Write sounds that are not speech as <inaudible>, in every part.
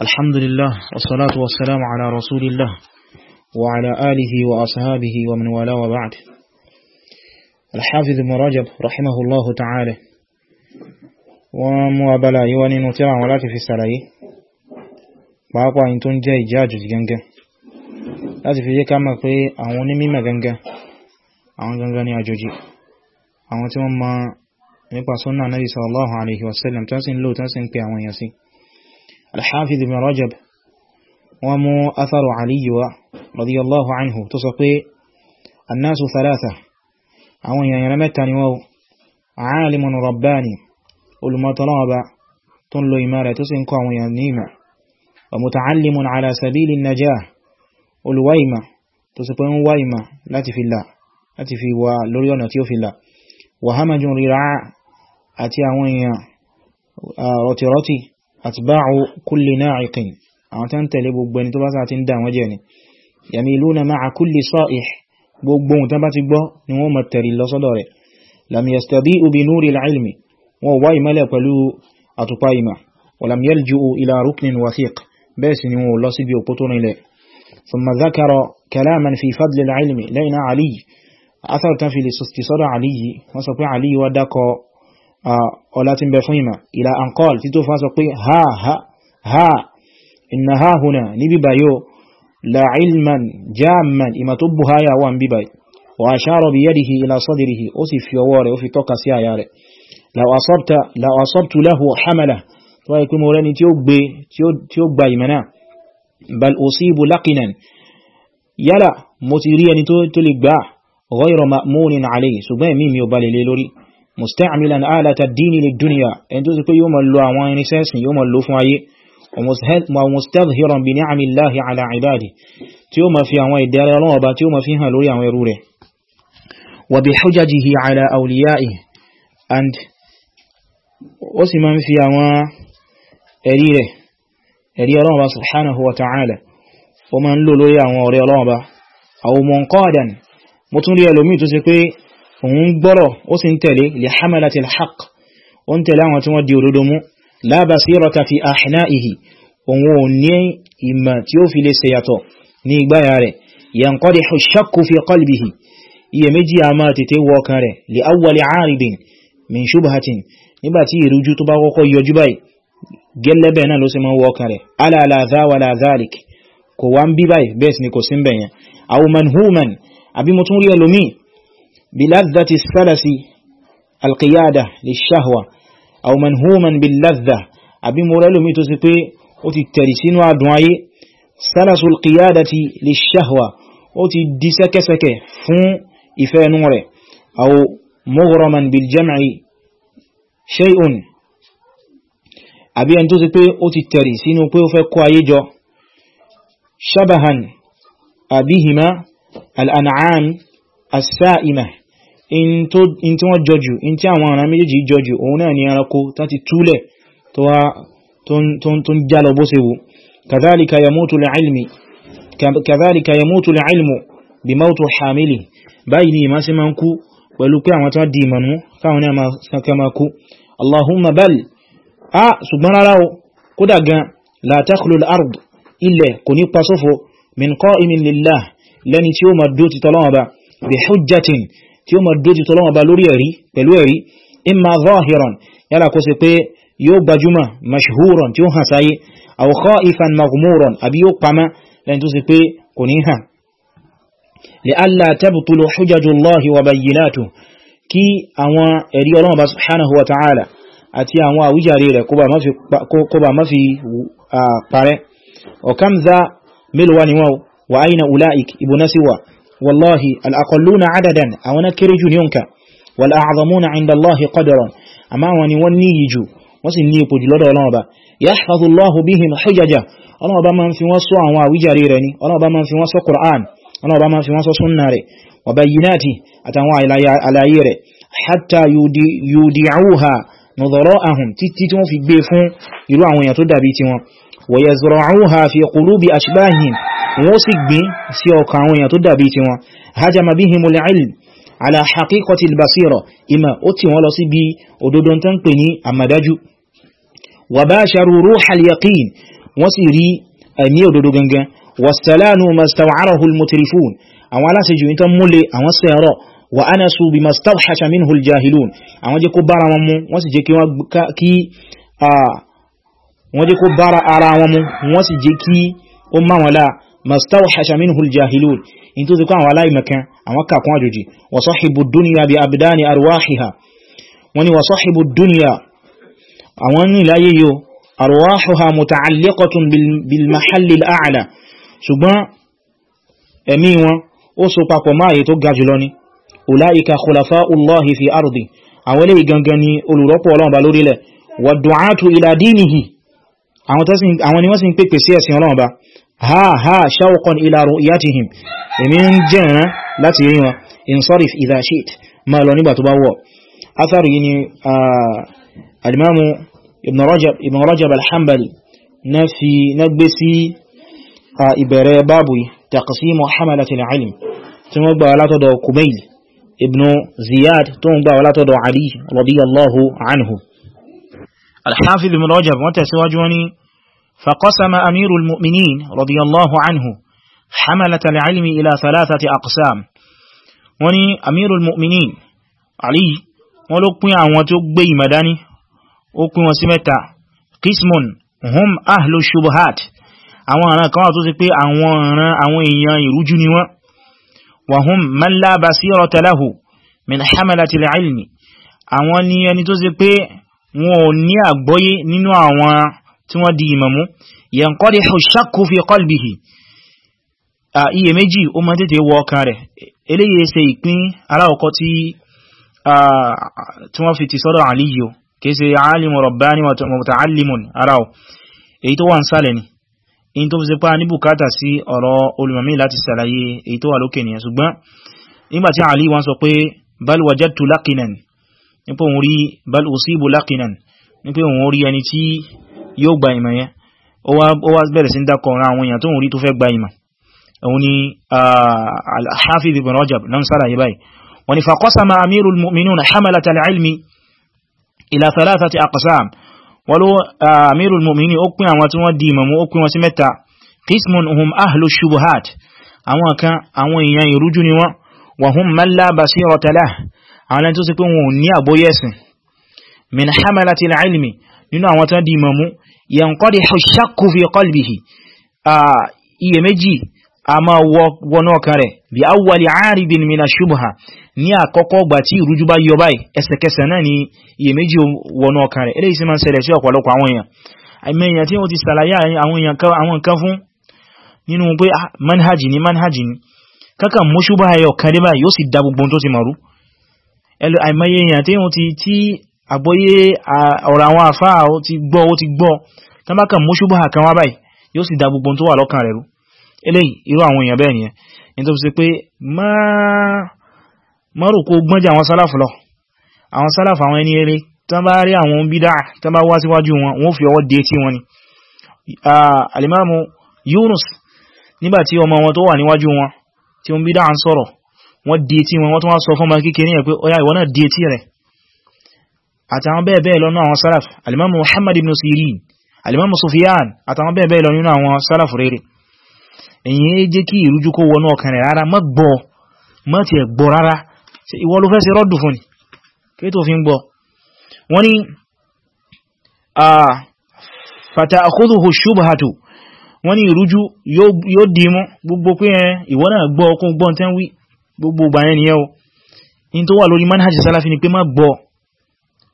الحمد لله والصلاة والسلام على رسول الله وعلى آله وأصحابه ومن والاه وبعد الحافظ ابن رجب رحمه الله تعالى وموابلا يواني نترى ولكن في السلاي pàápàá yìí tó ń jẹ́ ìjẹ́ àjòjì gangan láti fi yé ká mọ̀ pé àwọn onímímọ̀ gangan àwọn gangan ni àjòjì àwọn tí wọ́n mọ̀ nípa sunnah Nabi sallallahu alaihi wasallam tán sì ń lò tán sì الحافظ بن رجب ومو أثر علي رضي الله عنه تصقي الناس ثلاثة أو ينمتني وو عالم رباني المطلاب تنلو إمارة تسنقى وينيمة ومتعلم على سبيل النجاة الويمة تسقين ويمة لا تفي الله لا تفي ولريون تيوفي الله وهمج رراع أتي أوين رتي رتي atba'u kulli na'iqin àwọn tán tẹ̀lé gbogbo ẹni tó bá sáà ti ń dà wọ́n jẹ́ ni yamiluna ma'a kulli sa'ih gbogbo ohun tán bá ti gbọ́ ni wọ́n máa tẹ̀rí lọ sọ́dọ̀ rẹ̀ lam yastabi'u bi nuri al-ilmi wọ́n wá ìmọ́lẹ̀ pẹ̀lú àtùpá ìmà walam yalju'u ila ruknin wathiq bẹ́ẹ̀ Ah, ọlá tí ń bẹ fún ìmà ìlà àǹkọ́ọ̀lù tí tó fán sọ pé ha ha ha iná ha hùnà ní bíbà yóò la'ilman jamman ìmà tó bù háyà wà ń bíbà wa ashara bi yadihi ila sadrihi ó sì fi ọwọ́ rẹ̀ ó fi tọ́ka sí àyà rẹ̀ law asabtu lahu hamala tó wáyé pé lórí musta'milan alata dini lid dunya en tó pé yó máa lo àwọn irinṣẹ́ ẹ̀sìn yó máa lò fún ayé wa mustadhiran bi ni'ami llahi ala ibadi tí ó máa fi àwọn ìdẹ̀ra Ọlọ́run Ọba tí ó máa fi hàn lórí àwọn ẹrú rẹ̀ wa bi hujajihi ala awliya'ihi and ó sì máa fi àwọn ẹ̀rí rẹ̀ ẹ̀rí Ọlọ́run Ọba subhanahu wa ta'ala ó máa ń lò lórí àwọn ọ̀rẹ́ Ọlọ́run Ọba àwọn mo tún rí ẹlòmíì tó ṣe pé òun gbọ́rọ̀ ó sì ń tẹ̀lé li hamalati al-haq ó ń tẹ̀lé àwọn tí wọ́n di òdodo mú la basirata fi ahna'ihi òun ò ní ìmọ̀ tí ó fi lè ṣe yàtọ̀ ní ìgbáyà rẹ̀ yanqadihu shakku fi qalbihi iyèméjì a máa tètè wọ ọkàn rẹ̀ li awwali aridin min shubhatin àbí mo tún rí ẹlòmíì بلذة السلس القيادة للشهوة أو منهوما باللذة أبي مرالو ميتو سيبي أتي الترسين وعدوائي سلس القيادة للشهوة أتي الدسك سك فون إفا نوري أو مغرما بالجمع شيء أبي أن تسيبي أتي الترسين وكيو فكوا يجو شبها أبيهما الأنعام السائمة in tí wọ́n jọjù in tí àwọn ọ̀ràn méjèèjì jọjù òun náà ni ẹranko tán ti túlẹ̀ tó ń já lọ bó ṣe wù kàzálìkà yamutu al-ilmu bí mautu hamili báyìí ni ìmá sí máa ń kú pẹ̀lú pé àwọn tán di ìmọ̀nú káwọn náà máa kankan máa kú allahumma bal a ṣùgbọ́n rárá o kódà gan la takhlu al-ard ilẹ̀ kò tí ó mọ̀ dójú tọ́lọ́ ọba lórí ẹ̀rí pẹ̀lú ẹ̀rí imma zahiran yálà kó ṣe pé yóò gbajúmọ̀ mashhuran tí ó hàn sáyé aw khaifan maghmuran àbí yóò pamá lẹ́yìn tó ṣe pé kò ní hàn li'alla tabtulu hujajullahi wa bayyinatuhu kí àwọn ẹ̀rí ọlọ́run ọba subhanahu wa ta'ala àti àwọn àwíjàre rẹ̀ bá والله الأقلون عددا أو نكرج نيونكا والأعظمون عند الله قدرا أما وني ونيجو وسنيه بجلد الله يحفظ الله بهم حججه الله بما في وصو عن وجريرني الله بما في وصو قرآن الله بما في وصو سنة وبيناته أتنوى على يره حتى يودي يودعوها نظراءهم تتتون في بيفون يلوعون يتدى بيتهم ويزرعوها في قلوب أشباههم wọ́n sì gbìn sí ọkàn àwọn èèyàn tó dàbí ti wọn hajjama bihimul ilm ala haqiqati albasira ima ó tì wọ́n lọ sí bí òdodo tán pè ní àmàdájú wa basharu ruhal yaqin wọ́n sì jẹ́ kí wọ́n jẹ́ mastawhasha minhu aljahilun in tó ti kọ́ àwọn aláìmọ̀kan àwọn kàkún àjòjì wa sahibu dunya bi abdani arwahiha wọ́n ni wa sahibu dunya àwọn ní láyé yóò arwahuha muta'alliqatun bil mahalli al'ala ṣùgbọ́n ẹ̀mí wọn ó so papọ̀ máa yìí tó ga jùlọ ni ulaika khulafa'ullahi fi ardi àwọn eléyìí gangan ni olùrọ́pọ̀ Ọlọ́run ba lórílẹ̀ wa du'atu ila dinihi àwọn ni wọ́n sì ń pèpè sí ẹ̀sìn ba ha ha shauqan ila ru'yatihim èmi ń jẹ́ran láti rí wọn insarif idha shit ma lọ nígbà tó bá wọ́ athar yìí ni alimamu ibn rajab ibn rajab alhambali na fi na gbé sí ìbẹ̀rẹ̀ báàbù taqsimu hamalati al-ilm tí wọ́n gbà látọ̀dọ̀ kumail ibn ziyad tó ń gbà látọ̀dọ̀ ali radiyallahu anhu al-hafiz ibn rajab wọ́n tẹ̀síwájú wani فقسم أمير المؤمنين رضي الله عنه حملة العلم إلى ثلاثة أقسام وني أمير المؤمنين علي ولقوا عن وتقبي مداني وقوا سمتا قسم هم أهل الشبهات àwọn àrán kan tó sì pé àwọn ọ̀ràn àwọn èèyàn ìrújú ni wọ́n wa hum man la basirata lahu min hamalati al-ilmi àwọn ni ẹni tó sì pé wọn ò ní àgbọ́yé nínú àwọn tí wọ́n di ìmọ̀mú yanqadihu shakku fi qalbihi a iye méjì ó máa tètè wọ ọkàn rẹ̀ eléyìí ṣe ìpín aláwọ̀kọ́ tí wọ́n fi ti sọ́dọ̀ àlíyò kéèsè alimu rabbani muta'allimun aráwọ̀ èyí tó wà ń sálẹ̀ ni in tó fi sí pa ní bùkátà sí ọ̀rọ̀ òun rí ẹni tí yóò gba ìmọ̀ yẹn ó wá bẹ̀rẹ̀ sí dákọ̀ ọ̀rọ̀ àwọn èèyàn tó ń rí tó fẹ́ gba ìmọ̀ òun ni al-Hafiz ibn Rajab náà sára yìí báyìí wọ́n ni faqasama amirul mu'minuna hamalat al-ilmi ila thalathati aqsam wọ́n ló amirul mu'minin ó pín àwọn tí wọ́n di ìmọ̀ mú ó pín wọn sí mẹ́ta qismun hum nínú àwọn tí di ìmọ̀ yanqadihu shakku fi qalbihi iyèméjì a máa wọnú ọkàn rẹ̀ bí awwali aridin mina shubha ní àkọ́kọ́ gbà tí ìrújú bá yọ báyìí ẹsẹ̀kẹsẹ̀ náà ni iyèméjì wọnú ọkàn rẹ̀ eléyìí sì máa ń ṣẹlẹ̀ sí ọ̀pọ̀lọpọ̀ àwọn èèyàn àmì èèyàn tí wọ́n ti ṣàlàyé àwọn èèyàn àwọn nǹkan fún nínú pé ah, manhaji ni manhaji ni kankan mú shubha ẹyọ kan dé báyìí yóò sì da gbogbo tó ti mọ̀rú àmì èèyàn tí àgbọ́yé ọ̀rọ̀ àwọn àfáà ó ti gbọ́ ó ti gbọ́ tán bá kàn mú ṣubúhà kan wá báyìí yóò sì dá gbogbo tó wà lọ́kàn rẹ̀ rú eléyìí irú àwọn èèyàn bẹ́ẹ̀ nìyẹn ní tó fi ṣe pé má rò kó àwọn sálàfù lọ àwọn sálàfù àwọn ẹni eré tán àwọn bídà tán bá wá síwájú wọn wọ́n fi ọwọ́ Yunus nígbàtí ọmọ wọn tó wà níwájú wọn tí ó ń bídà ń sọ̀rọ̀ wọ́n dé tí wọn àtàwọn bẹ́ẹ̀ bẹ́ẹ̀ lọ́nà àwọn salaf alimamu muhammad ibn sirin alimamu sufyan àtàwọn bẹ́ẹ̀ bẹ́ẹ̀ lọ́nà àwọn salaf rere èyí jẹ́ kí ìrújú kó wọnú ọkàn rẹ̀ rárá má gbọ́ má ti ẹ̀ gbọ́ rárá ìwọ ló fẹ́ ṣe rọ́dù fún ni kí tó fi ń gbọ́ wọ́n ni fata'khudhuhu shubhatu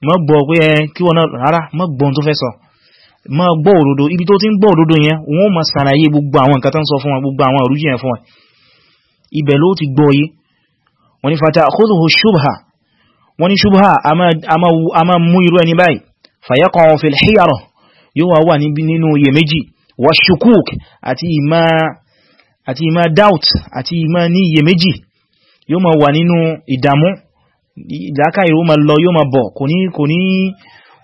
mọ́ gbọ́ pé ẹ eh, kí wọ́n náà rárá mọ́ gbọ́n tó fẹ́ sọ mọ́ gbọ́ òdodo ibi tó ti ń gbọ́ òdodo yẹn wọ́n mọ́ sàlàyé gbogbo àwọn nǹkan tó ń sọ fún wọn gbogbo àwọn òrújì yẹn fún wọn ibẹ̀ ló ti gbọ́ yé wọ́n ni fata khudhuhu shubha wọ́n ni shubha a máa mú irú ẹni báyìí fayaqo fil yóò wà nínú iye méjì wa shukuk àti ìmá doubt àti ìmá ní iye méjì yóò wà nínú ìdààmú ìdáka ìró ma lọ yóò ma bọ̀ kò ní kò ní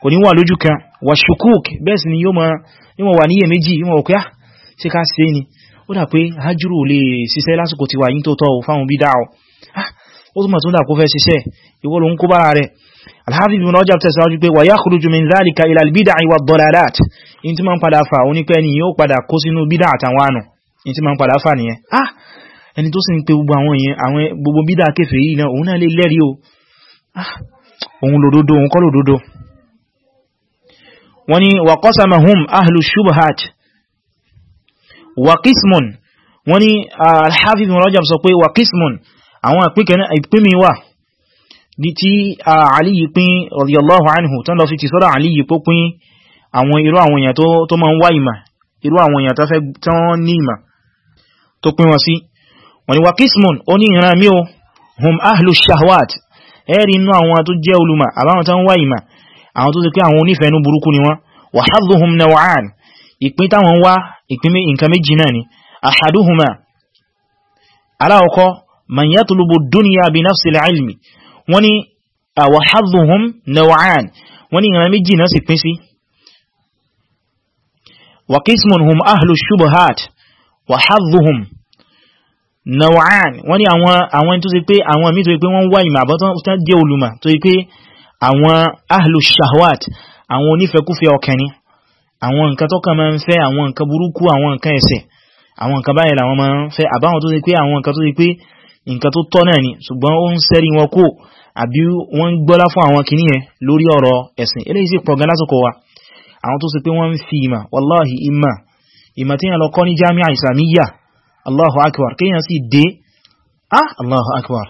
kò ní wà lójú kan wà ṣukúk bẹ́ẹ̀ sì ni yóò ma wà níyè méjì yóò ma òkúyá ṣe ká ṣe ni ó dà pé hajjúrò lè ṣiṣẹ́ lásìkò ti wà yí tó tọ́ fáwọn bí dáa ah, ó túnmọ̀ tó ń dà kó fẹ́ ṣiṣẹ́ ìwọ́ ló ń kó bára rẹ̀ alhafiz ibn Rajab tẹ̀síwájú pé wàyá kúrújú min ni ah ẹni tó sì ń pe gbogbo àwọn èèyàn àwọn gbogbo bídà kéfèé yìí náà òun náà lè lẹ́rìí o òun lòdòdó òun kọ́ lòdòdó wọ́n ni wa qasamahum ahlu shubhat wa qismun wọ́n ni al-Hafiz ibn Rajab sọ pé wa qismun àwọn ìpínmi wà ní tí Ali yìí pín radiyallahu anhu tán lọ fi ti sọ́dọ̀ Ali yìí pín àwọn irú àwọn èèyàn tó máa ń wá ìmà irú àwọn èèyàn tó fẹ́ tán ní ìmà tó pín wọn sí wọ́n ni wa qismun ó ní ìran mí o hum ahlu shahwat ẹ̀rí inú àwọn tó jẹ́ olùmọ̀ àbáwọn tó ń wá ìmọ̀ àwọn tó ti pé àwọn onífẹ̀ẹ́nú burúkú ni wọ́n wa hadduhum naw'an ìpín táwọn wá ìpín nǹkan méjì náà ni ahaduhuma aláwọ̀kọ́ man yatlubu dunya náà nawaan wọ́n ní àwọn àwọn tó ṣe pé àwọn míì tó ṣe pé wọ́n wá ìmọ̀ àbọ̀ tó jẹ́ olùmọ̀ tó ṣe pé àwọn ahlu shahwat àwọn onífẹ́kúfẹ́ ọkàn ni àwọn nǹkan tó kàn máa ń fẹ́ àwọn nǹkan burúkú àwọn nǹkan ẹ̀ṣẹ̀ àwọn nǹkan báyìí làwọn máa ń fẹ́ àbáwọn tó ṣe pé àwọn nǹkan tó ṣe pé nǹkan tó tọ́ náà ni ṣùgbọ́n ó ń sẹ́rí wọn kó àbí wọ́n ń gbọ́lá fún àwọn kìíní yẹn lórí ọ̀rọ̀ ẹ̀sìn eléyìí sì pọ̀ lásìkò wa àwọn tó ṣe pé wọ́n ń fi ìmà wàláhì ìmà ìmà tí yẹn lọ kọ́ ní jami'a ìsàmíyà Allahu akbar kíyàn sí dé ah Allahu akbar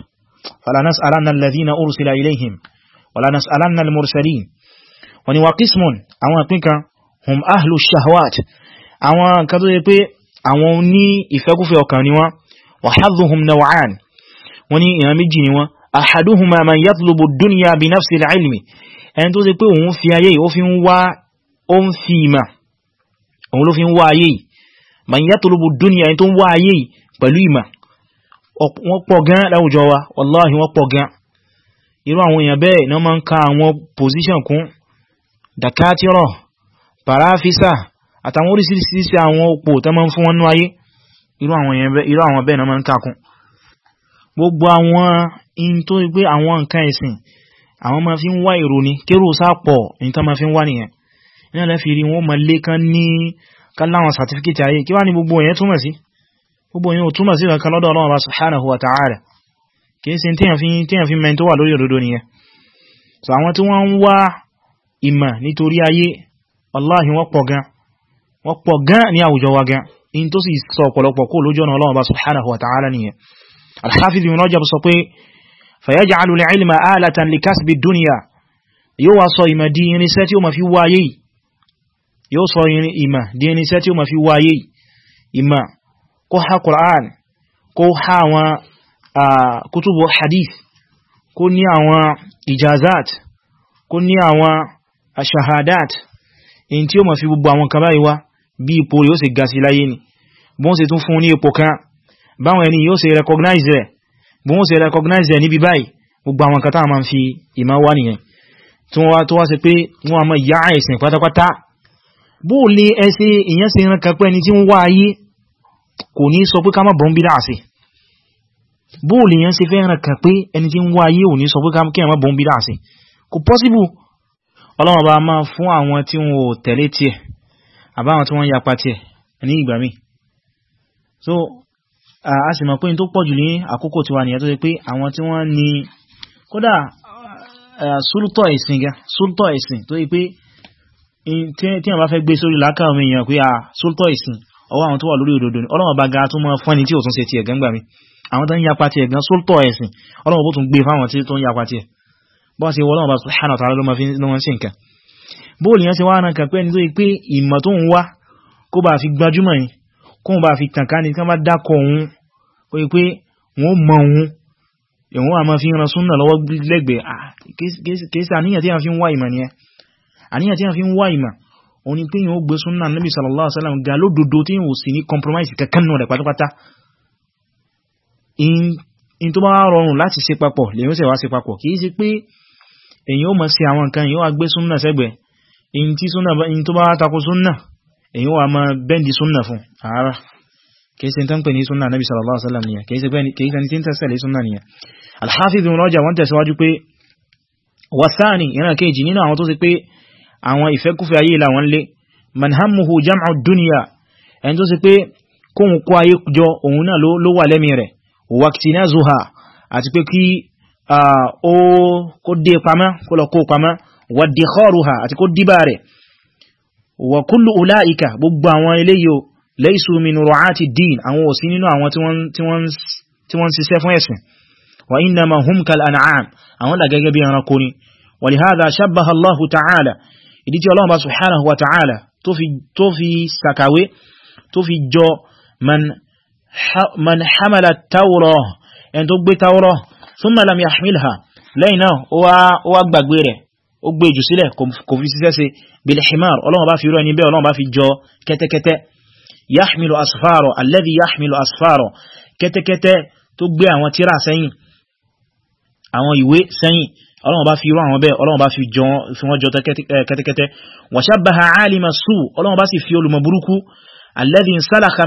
fala nas'alanna alladhina ursila ilayhim wala nas'alanna al-mursalin wani wa qismun àwọn ìpín kan hum ahlu shahwat àwọn kan tó yẹ pé àwọn ní ìfẹ́kúfẹ́ ọkàn ni wọ́n wa hadhuhum naw'an wọ́n ní ìran méjì ni wọ́n ahaduhuma man yatlubu dunya bi nafsi al-ilmi ẹni tó ṣe pé òun fi ayé ó fi ń wá yìí man bu dunya ẹni tó ń wá ayé yìí pẹ̀lú ìmọ̀ wọ́n pọ̀ gan láwùjọ wa wọ́n pọ̀ gan irú àwọn èèyàn bẹ́ẹ̀ náà máa ń ka àwọn position kún dakatirọ̀ parafisa àtàwọn oríṣiríṣi àwọn òpó tó máa fún wọn ní ayé irú àwọn bẹ́ẹ̀ máa gbogbo àwọn káláwọn certificate ayé kí wá ní gbogbo yẹn túmọ̀ sí gbogbo yẹn ò túmọ̀ sí kankan lọ́dọ̀ Ọlọ́run subhanahu wa ta'ala kìí sí tíyàn fi mẹ́ntó wà lórí òdodo nìyẹn so àwọn tí wọ́n ń wá ìmọ̀ nítorí ayé wallahi wọ́n pọ̀ gan wọ́n pọ̀ gan ní àwùjọ wa gan in tó sì sọ yóò sọ irin ìmà di ẹni iṣẹ́ tí ó ma fi wáyé ìmà kó ha Qur'an kó ha àwọn kútùbù hadith kó ní àwọn ijazat kó ní àwọn ashahadat in tí ó ma fi gbogbo àwọn kan báyìí wá bí ipò yóò se ga sí láyé ni bọ́n ṣe tún fún ní ipò kan báwọn ẹni yóò ṣe recognize rẹ̀ bọ́n ṣe recognize rẹ̀ níbi báyìí gbogbo àwọn kan táà ma fi ìmá wá nìyẹn tí wọ́n wá tó wá ṣe pé wọ́n a mọ̀ yá àìsìn pátápátá bó lè ẹsẹ èyàn sí ìran kan pé ẹni tí ń wá ayé kò ní sọ pé ká má bọ̀ ń bí dáa sí bó lè yàn sí fẹ́ràn kan pé ẹni tí ń wá ayé ò ní sọ pé kí ẹ bọ̀ ń bí dáa kò pọ́síbù ọlọ́run máa fún àwọn tí wọn ò tẹ̀lé tiẹ̀ àbáwọn tí wọ́n yapa tiẹ̀ ní ìgbà míì so a sì mọ̀ pé tó pọ̀ jù ní àkókò tiwa nìyẹn tó ṣe pé àwọn tí wọ́n ní kódà súlùtọ̀ ẹ̀sìn gan súlùtọ̀ ẹ̀sìn tó ṣe pé tí wọ́n bá fẹ́ gbé sórí lákà omi èèyàn pé a sóltọ́ ìsìn ọwọ́ àwọn tó wà lórí òdodo ni ọlọ́wọ́ bá ga tó mọ́ fún ẹni tí ò tún ṣe ti ẹ̀gán gbà mí àwọn tó ń yapa ti ẹ̀gán sóltọ́ ẹ̀sìn ọlọ́wọ́ bó tún gbé e fáwọn tí tó ń yapa ti ẹ̀ wa ta'ala ló máa ṣe nǹkan bóòlù yẹn ṣe wá náà kàn pé ẹni tó yí pé ìmọ̀ tó ń wá kó bá fi gbajúmọ̀ ni kó bá fi tàn ká ni kí wọ́n bá àníyàn tí wọ́n fi ń wá ìmọ̀ òun ni pé yíò gbé súnnà Nabi sallallahu alaihi wasallam ga lódodo tí yíò sì ní compromise kankan náà rẹ̀ pátápátá in tó bá rọrùn láti ṣe papọ̀ lèyìn sẹ̀wá ṣe papọ̀ kìí ṣe pé èyí ó mọ̀ sí àwọn nǹkan yíò agbé súnnà sẹ́gbẹ̀ in tó bá tako súnnà èyí ó àmọ́ bẹ́ndì súnnà fún ara kìí Nabi sallallahu alaihi wasallam nìyẹn kìí ṣe tí ń tẹ́sẹ̀lé súnnà nìyẹn Al-Hafidh Ibn Rajab wọ́n tẹ̀síwájú pé wàsáàni ìran kejì nínú àwọn tó ṣe pé àwọn ìfẹ́kúfẹ́ ayé làwọn lé man hammuhu jam'u dunya ẹni tó sì pé kóhun kó ayé jọ òun náà ló wà lẹ́mí rẹ̀ waktinazuha àti pé kí ó kó dé pamá kó lọ kó pamá waddikharuha àti kó dìbà rẹ̀ wa kullu ulaika gbogbo àwọn eléyìí o laysu min ru'ati din àwọn òsí nínú àwọn tí wọ́n ṣiṣẹ́ fún ẹ̀sìn wa innama hum kal an'am àwọn dà bí ẹranko ni wa lihadha shabbaha ta'ala ìdí tí Ọlọ́run bá subhanahu wa ta'ala tó fi sàkàwé tó fi jọ man hamala taurọ ẹni tó gbé taurọ thumma lam yahmilha lẹ́yìn náà ó wá gbàgbé rẹ̀ ó gbé jù sílẹ̀ kò fi síṣẹ́ sí bilhimar Ọlọ́run bá fi rọ ẹni bẹ́ẹ̀ Ọlọ́run bá fi jọ kẹ́tẹ́kẹ́tẹ́ yahmilu asfaro alladhi yahmilu asfaro kẹ́tẹ́kẹ́tẹ́ tó gbé àwọn tírà sẹ́yìn àwọn ìwé sẹ́yìn ọlọ́run bá fi irú àwọn bẹ́ẹ̀ ọlọ́run bá fi wọ́n jọ kẹ́tẹ́kẹ́tẹ́ wa shabbaha alima su ọlọ́run bá sì fi olùmọ̀ burúkú alladhi salakha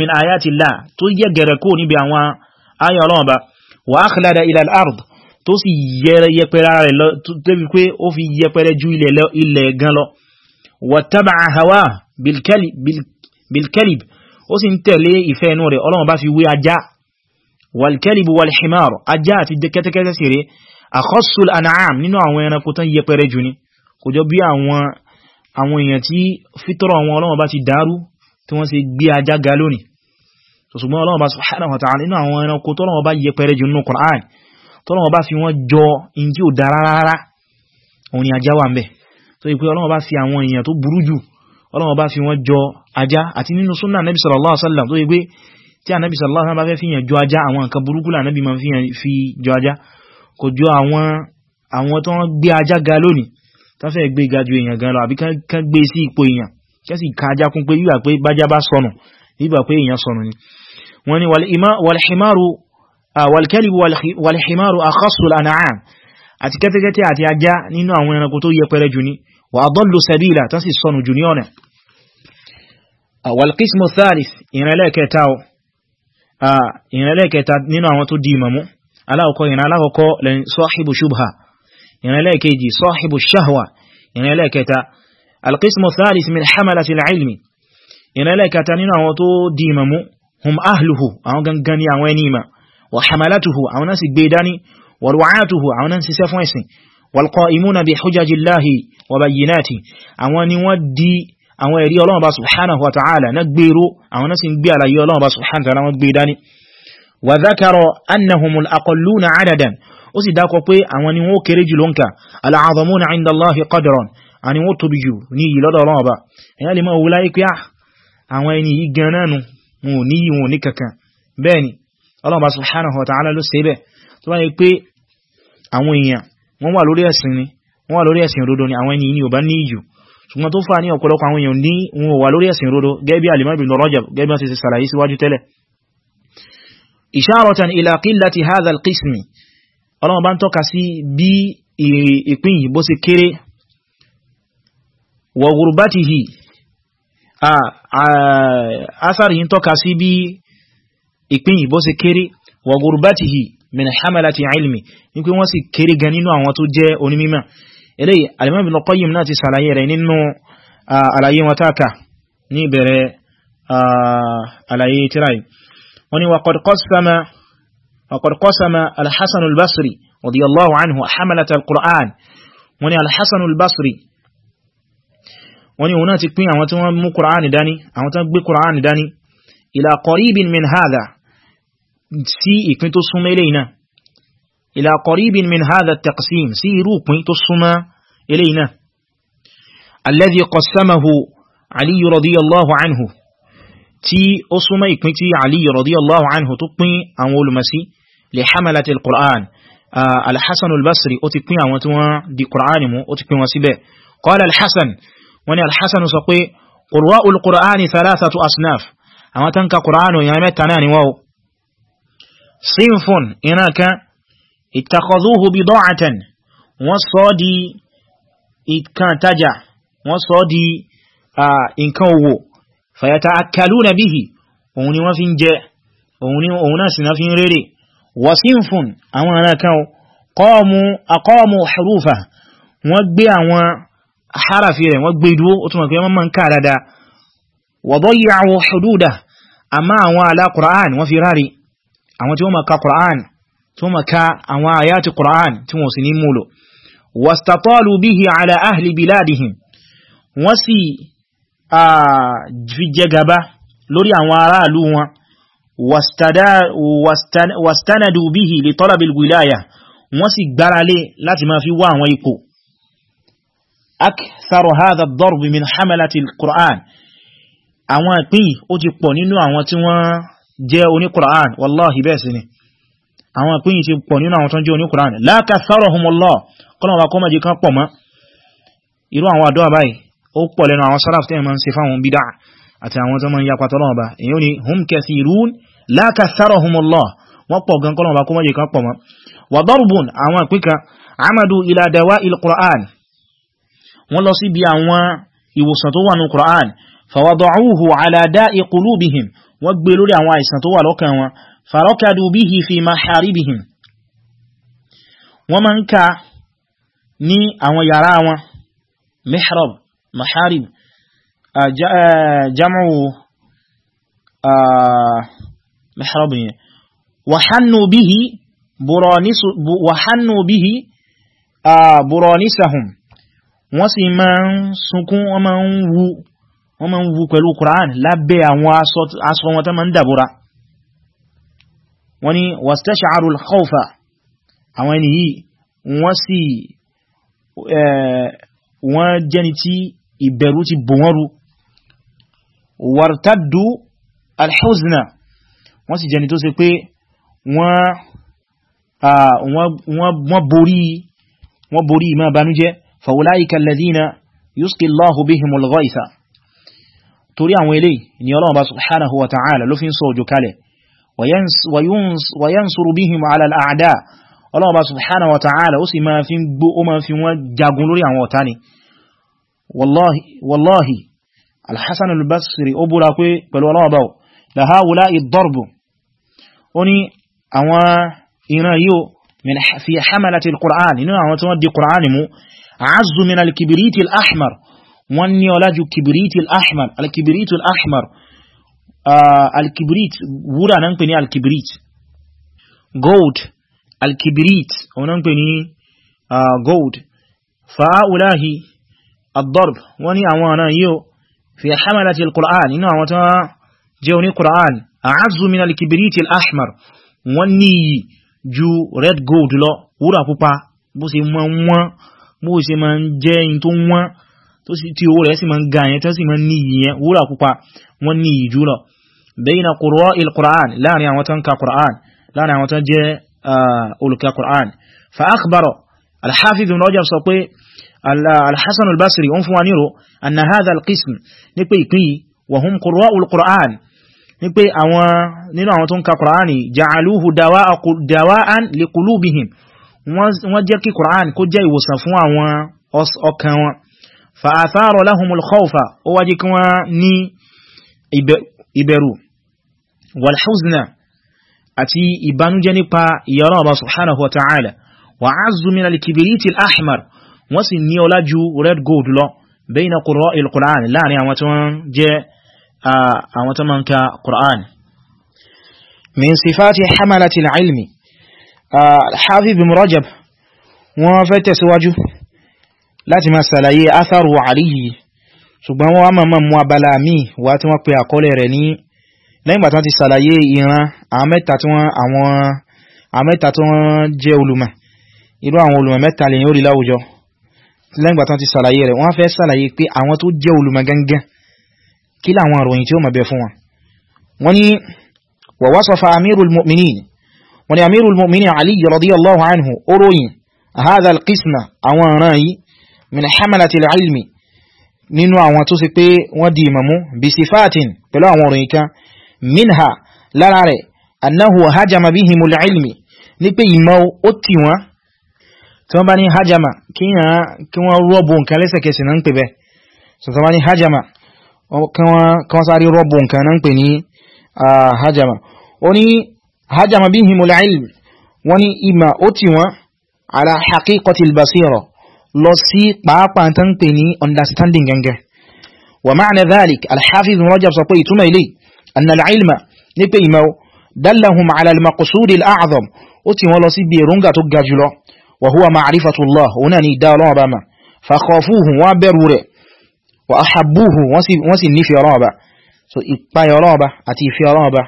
min ayati llah tó yẹ gẹ̀rẹ̀ kó níbi àwọn ayé ọlọ́run bá wa akhlada ila al-ard tó sì yẹrẹ yẹpẹrẹ ara rẹ̀ lọ débi pé ó fi yẹpẹrẹ ju ilẹ̀ gan lọ wattaba'a hawa bilkalib ó sì ń tẹ̀lé àkọ́sùl an'am nínú àwọn ẹranko tán yẹpẹrẹ jù ní kò jọ bí àwọn èèyàn tí fítọ́rọ̀ àwọn ọlọ́wọ́ bá ti dárú tí wọ́n sì gbé ajá ga lónìí ṣùgbọ́n ọlọ́wọ́ bá subhanahu wa ta'ala nínú àwọn ẹranko tọ́lọ́wọ́ bá yẹpẹrẹ jù nínú Qur'an tọ́lọ́wọ́ bá fi wọ́n jọ injí ò dára rárá òun ni ajá wà ń bẹ̀ tó yí pé ọlọ́wọ́ bá fi àwọn èèyàn tó burú jù ọlọ́wọ́ bá fi wọ́n jọ ajá àti nínú súnà nabi sallallahu alaihi wasallam tó yí pé tí a nabi sallallahu alaihi bá fẹ́ fi yàn jọ ajá àwọn nǹkan burúkú là nabi máa fi yàn fi jọ ajá kò ju àwọn àwọn tó ń gbé ajá ga lónìí tó fẹ́ gbé ga ju èèyàn gan lọ àbí kán gbé sí ipò èèyàn kẹ́ sì ká ajá kún pé yíwà pé bájá bá sọnù yíwà pé èèyàn sọnù ni wọ́n ni wàlìhìmáàrù wàlìkẹ́lìbù wàlìhìmáàrù àti kẹ́tẹ́kẹ́tẹ́ àti ajá nínú àwọn ẹranko tó yẹpẹrẹ jù ní wà adallu sabila tó sì sọnù jù ní ọ̀nà wàlìkísmù nínú àwọn tó di ìmọ̀mú alákọ̀ọ́kọ́ ìran alákọ̀ọ́kọ́ lẹ́yìn sọ́hìbù ṣubha ìran ẹlẹ́ẹ̀kejì sọ́hìbù ṣahwa ìran ẹlẹ́ẹ̀kẹta alqismu thalith min hamalati al-ilmi ìran ẹlẹ́ẹ̀kẹta nínú àwọn tó di ìmọ̀mú hum ahluhu àwọn gangan ni àwọn ẹni ìmọ̀ wa hamalatuhu àwọn náà sì gbé dání wa ru'atuhu àwọn náà sì sẹ́fún ẹ̀sìn wal qa'imuna bi hujajillahi wa bayyinati àwọn ni wọ́n gbé dání وذكر أنهم الأقلون عددا أسي داكو بي أواني عند الله قدرا أني مو تبجو ني لدى رابا يعني ما يا أواني يغنانو مو ني بني الله سبحانه وتعالى لسيبه tó bá yẹ pé àwọn èèyàn wọ́n wà lórí ẹ̀sìn ni wọ́n wà lórí ẹ̀sìn òdodo ni àwọn ẹni ni ò bá ní ìjù ṣùgbọ́n tó fà ní ọ̀pọ̀lọpọ̀ àwọn èèyàn ní wọn wà lórí ẹ̀sìn òdodo gẹ́bí alimọ́bìn Rajab gẹ́bí wọ́n ti ṣe sàlàyé síwájú tẹ́lẹ̀ ìṣàrọ̀tàn ila qillati hadha al-qism ọlọ́wọ́ bá ń tọ́ka sí bí ìpín yìí bó ṣe kéré wa gurbatihi asar yìí ń tọ́ka sí bí ìpín yìí bó ṣe kéré wa gurbatihi min hamalati ilmi ní pé wọ́n sì kéré gan nínú àwọn tó jẹ́ onímímọ̀ eléyìí وني وقد قسم وقد قسم الحسن البصري رضي الله عنه حملة القرآن وني الحسن البصري وني هنا تكبين عواتنا مو قرآن داني عواتنا بي قرآن داني إلى قريب من هذا سي إكمن تصم إلينا إلى قريب من هذا التقسيم سي من تصم إلينا الذي قسمه علي رضي الله عنه tí ó súnmọ́ ìpín tí Ali radiyallahu anhu tó pín àwọn olùmọ̀sí lè hamalati al-Qur'an al-Hasan al-Basri ó ti pín àwọn tí wọ́n di Qur'an mú ó ti pín wọn síbẹ̀ qala al-Hasan wọ́n ni al-Hasan sọ pé qurra'ul Qur'ani thalathatu fayata'akkaluna bihi òun ni wọ́n fi ń jẹ òun náà sì na fi ń rere wa sinfun àwọn ará kan qamu aqamu hurufa wọ́n gbé àwọn harafi rẹ̀ wọ́n gbé e dúó ó túnmọ̀ pé wọ́n máa ń ká dada wa dayya'u àwọn ala Qur'an wọ́n fi ráre àwọn tí wọ́n máa ka tí wọ́n máa àwọn ayati Qur'an tí wọ́n sì ní múlò wastatalu bihi ala ahli biladihim wọ́n sì fi jẹ gaba lórí àwọn aráàlú wọn wàstánàdù bíhì lè tọ́lábìl wìláyà wọ́n sì gbáralé láti máa fi wá àwọn ipò aktharo hadha ad-darb min hamalati al-Qur'an àwọn ìpín ó ti pọ̀ nínú àwọn tí wọ́n jẹ́ oní Qur'an wallahi bẹ́ẹ̀ sí ni àwọn ìpín ti pọ̀ nínú àwọn tó jẹ́ oní Qur'an la katharahum Allah kọ́nà wà kọ́mọ̀ jẹ́ kan pọ̀ mọ́ irú àwọn àdọ́ àbáyìí ó pọ̀ lẹ́nu àwọn salaf tí ma ń ṣe fáwọn bídá àti àwọn tó ma ń yapa tọ́lọ́wọ́ bá èyí ni hum kathirun la katharahumullah wọ́n pọ̀ gan kọ́lọ́wọ́ bá kó mọ́jẹ̀ kan pọ̀ mọ́ wà darbun àwọn àpíkà amadu ila dawa'il qur'an wọ́n lọ sí bí àwọn ìwòsàn tó wà ní qur'an fawada'uhu ala da'i qulubihim wọ́n gbé lórí àwọn àìsàn tó wà lọ́kàn wọn farakadu bihi fi maharibihim wọ́n ma ń ka ní àwọn yàrá wọn mihrab maharib uh, uh, jamu uh, mihrab yẹn wàhánu bihi wàhánu bihi buranisahum wọ́n sì máa ń sunkún wọ́n máa ń wu wọ́n máa ń wu pẹ̀lú Qur'an lábẹ́ àwọn aṣọ wọn tó máa ń dàbúra wọ́n ni wastash'aru al-khawfa àwọn ẹni yìí wọ́n sì wọ́n jẹ́ni tí ìbẹ̀rù ti bò wọ́n rú wartaddu alhuzna wọ́n sì jẹni tó ṣe pé wọ́n borí ìmá banújẹ́ faulaika alladhina yusqi Allahu bihim al-ghaytha torí àwọn ilé ni Ọlọ́run bá subhanahu wa ta'ala ló fi ń sọ òjò kalẹ̀ wa yansuru bihim ala al-a'da Ọlọ́run bá والله والله الحسن البصري ابو لاكوي بل ولا باو لهؤلاء الضرب اني اوا ان يو من في حملة القرآن انو اوا تودي قران مو عز من الكبريت الاحمر وني ولا جو كبريت الاحمر الكبريت الاحمر آه الكبريت ورا نكني الكبريت جولد الكبريت ونكني آه جولد فاولاهي الضرب وني أوانا يو في حملة القرآن إنه أوانا جوني قرآن أعز من الكبريت الأحمر وني ju red gold lọ wúrà pupa bó ṣe mọ́ wọ́n bó ṣe máa ń jẹ́ in tó wọ́n tó sì tí owó rẹ̀ sì máa ń ga yẹn tó sì máa ń ní ìyẹn wúrà pupa wọ́n ní ìjú lọ bayna qura'il Qur'an láàrin àwọn tó ń ka Qur'an láàrin àwọn tó jẹ́ ah, olùka Qur'an fa akhbara al-Hafiz Ibn Rajab sọ pé الحسن البصري اون فون نيرو ان هذا القسم ني بي يكين وهم قراء القران ني بي اوان نينو اوان تون كا قراني جعلوه دواء دواء لقلوبهم wọ́n jẹ́ kí Qur'an kó jẹ́ ìwòsàn fún àwọn ọkàn wọn fa'athara lahumul khawfa ó wájí kí wọ́n ní ìbẹ̀rù wal huzna àti ìbànújẹ́ nípa wa ta'ala min al-kibriti al-ahmar wọ́n sì ní ọlá ju red gold lọ bayna qurra'il Qur'an láàrin àwọn tí wọ́n jẹ́ àwọn tó máa ń ka Qur'an min sifati hamalati al-ilmi al-Hafiz ibn Rajab wọ́n fẹ́ tẹ̀síwájú láti máa sàlàyé atharu alayhi ṣùgbọ́n wọ́n máa mọ́ abala míì wá tí wọ́n pe àkọlẹ̀ rẹ̀ ní lẹ́yìn bàtán ti sàlàyé ìran àmẹ́ta tí wọ́n jẹ́ olùmọ̀ irú àwọn olùmọ̀ mẹ́ta lèyìn ó rí láwùjọ lẹ́gbà tán ti sàlàyé rẹ̀ wọ́n fẹ́ sàlàyé pé àwọn tó jẹ́ olùmọ̀ gangan kí láwọn àròyìn tí ó máa bẹ fún wọn wọ́n ni wa wasafa amirul mu'minin wọ́n ni amirul mu'minin ali radiyallahu anhu ó ròyìn hadha alqisma àwọn ọ̀ràn yìí min hamalati ilmi nínú àwọn tó ìmọ̀ ó tì wọ́n tí wọ́n bá ní hajjama kí wọ́n rọ́bù nǹkan lẹ́sẹ̀kẹsẹ̀ náà ń pè bẹ́ so tí wọ́n bá ní hajjama kí wọ́n sáré rọ́bù nǹkan náà ń pè ní hajjama ó ní hajjama bihimul ilm wọ́n ní ìmà ó ti wọ́n ala haqiqatil basira lọ sí pàápàá tán pè ní understanding gangan wa ma'na ó ti wọ́n lọ sí bí èròǹgà tó ga jùlọ وهو معرفة الله وناني دا رابا ما فخافوه وابرور وأحبوه وسي نفي رابا so ìpayọ̀ ọlọ́ọ̀bá àti ìfẹ́ ọlọ́ọ̀bá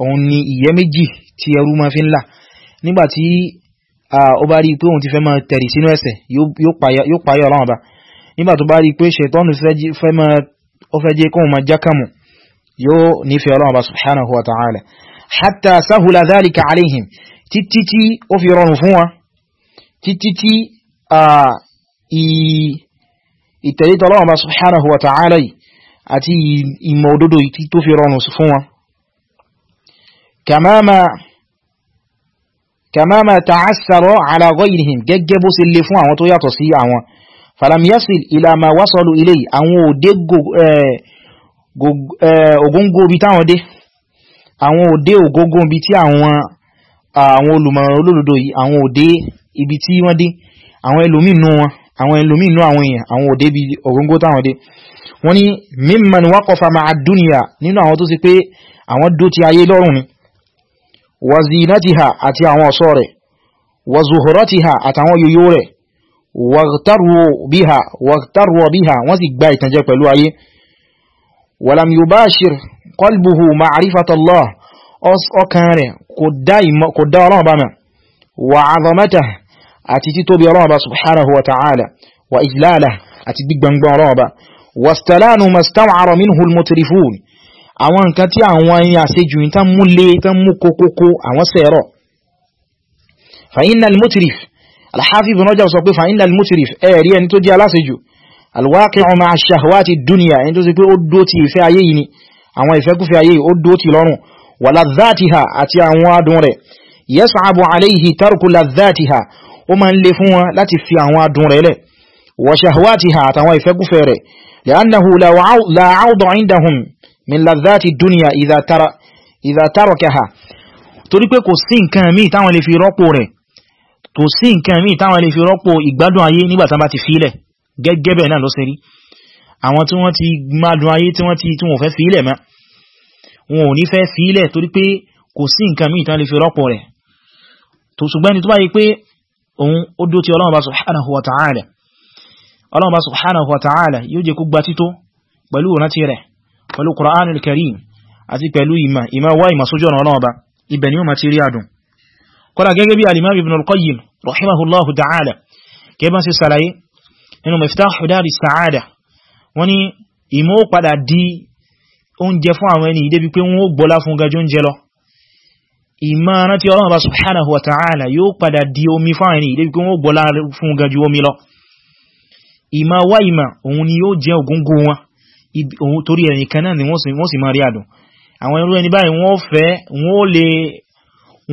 òun ni ìyẹ́ méjì tí ẹrú ma fi ń là nígbàtí ó bá rí pé òun ti fẹ́ máa tẹ̀rì sínú ẹ̀ṣẹ̀ yóò payọ̀ ọlọ́ọ̀bá nígbàtí ó bá rí pé ṣètọ́nù fẹ́ jẹ́ kóhun ma jákàmù yóò nífẹ́ ọlọ́ọ̀bá subhanahu wa ta'ala hatta sahula dhalika alayhim títí tí ó fi rọrùn fún wa títí tí ìtẹ̀lé tọ́lọ́wọ́n bá subhanahu wa ta'ala àti ìmọ̀ òdodo ìtí tó fi rọrùn fún wọn kàmáàmà tààsàrọ̀ ala ghayrihim gẹ́gẹ́ bó ṣe lè fún àwọn tó yàtọ̀ sí àwọn falam yasil ila ma wasalu ilay àwọn òdé ògóngó bí táwọn dé àwọn òdé ògóngó bí tí àwọn olùmọ̀ olódodo yìí àwọn òdé ibi tí wọ́n dé àwọn ẹlòmí nú wọn àwọn ẹlòmí nú àwọn èèyàn àwọn òde bí ọgóngó táwọn dé wọ́n ní mimman waqafa ma'a dunya nínú àwọn tó sì pé àwọn dó ti ayé lọ́rùn ni wa zinatiha àti àwọn ọ̀ṣọ́ rẹ̀ wa zuhuratiha àtàwọn yoyo rẹ̀ wàgtàrù biha wọ́n sì gba àti títóbi ọlọ́ọ̀bá subhanahu wa ta'ala wa ijlala àti gbígbàngbà ọlọ́ọ̀bá wàstàlánù mastawara minhu al-mutrifun àwọn nǹkan tí àwọn ẹ̀yìn àṣejù tán mú lé tán mú kókókó àwọn sẹ́rọ̀ fa inna al-mutrif al ẹni tó sì pé ó dó ti ìfẹ́ ayé yìí ni àwọn ìfẹ́kúfẹ́ ayé yìí alayhi tarku ladhatiha ó máa ń le fún wọn láti fi àwọn adùn rẹ̀ lẹ̀ wa shahwatiha àtàwọn ìfẹ́kúfẹ́ rẹ̀ li'annahu la 'awda 'indahum min ladhati dunya idha tarakaha torí pé kò sí nǹkan míì táwọn lè fi rọ́pò rẹ̀ kò sí nǹkan míì táwọn lè fi rọ́pò ìgbádùn ayé nígbà tán bá ti fílẹ̀ gẹ́gẹ́ bẹ́ẹ̀ náà ló rí àwọn tí wọ́n ti gbádùn ayé tí wọ́n ti tún wọ́n fẹ́ fílẹ̀ mọ́ wọn ò ní fẹ́ fílẹ̀ torí pé kò sí nǹkan míì tán lè fi rọ́pò rẹ̀ tó ṣùgbẹ́ni tó bá pé òun ó dó ti ọlọ́run bá subhanahu wa ta'ala ọlọ́run bá subhanahu wa ta'ala yóò jẹ́ kó gba tító pẹ̀lú ìrántí rẹ̀ pẹ̀lú Qur'anul Karim àti pẹ̀lú ìmà ìmà wá ìmà sójú ọ̀nà ọlọ́run bá ibẹ̀ ni ó ma ti rí àdùn kọ́lá gẹ́gẹ́ bí al-Imam Ibn al-Qayyim rahimahullahu ta'ala kẹbà ìmáran tí ọlọ́run bá subhanahu wa ta'ala yóò padà di omi fáwọn ní ìdébí kí wọ́n gbọ́lá fún ga ju omi lọ ìmá wá ìmá òun ni yóò jẹ́ ògúngú wọn òun torí ẹ̀yìn kan náà ni wọ́n sì máa rí àdùn àwọn irú ẹni báyìí wọ́n fẹ́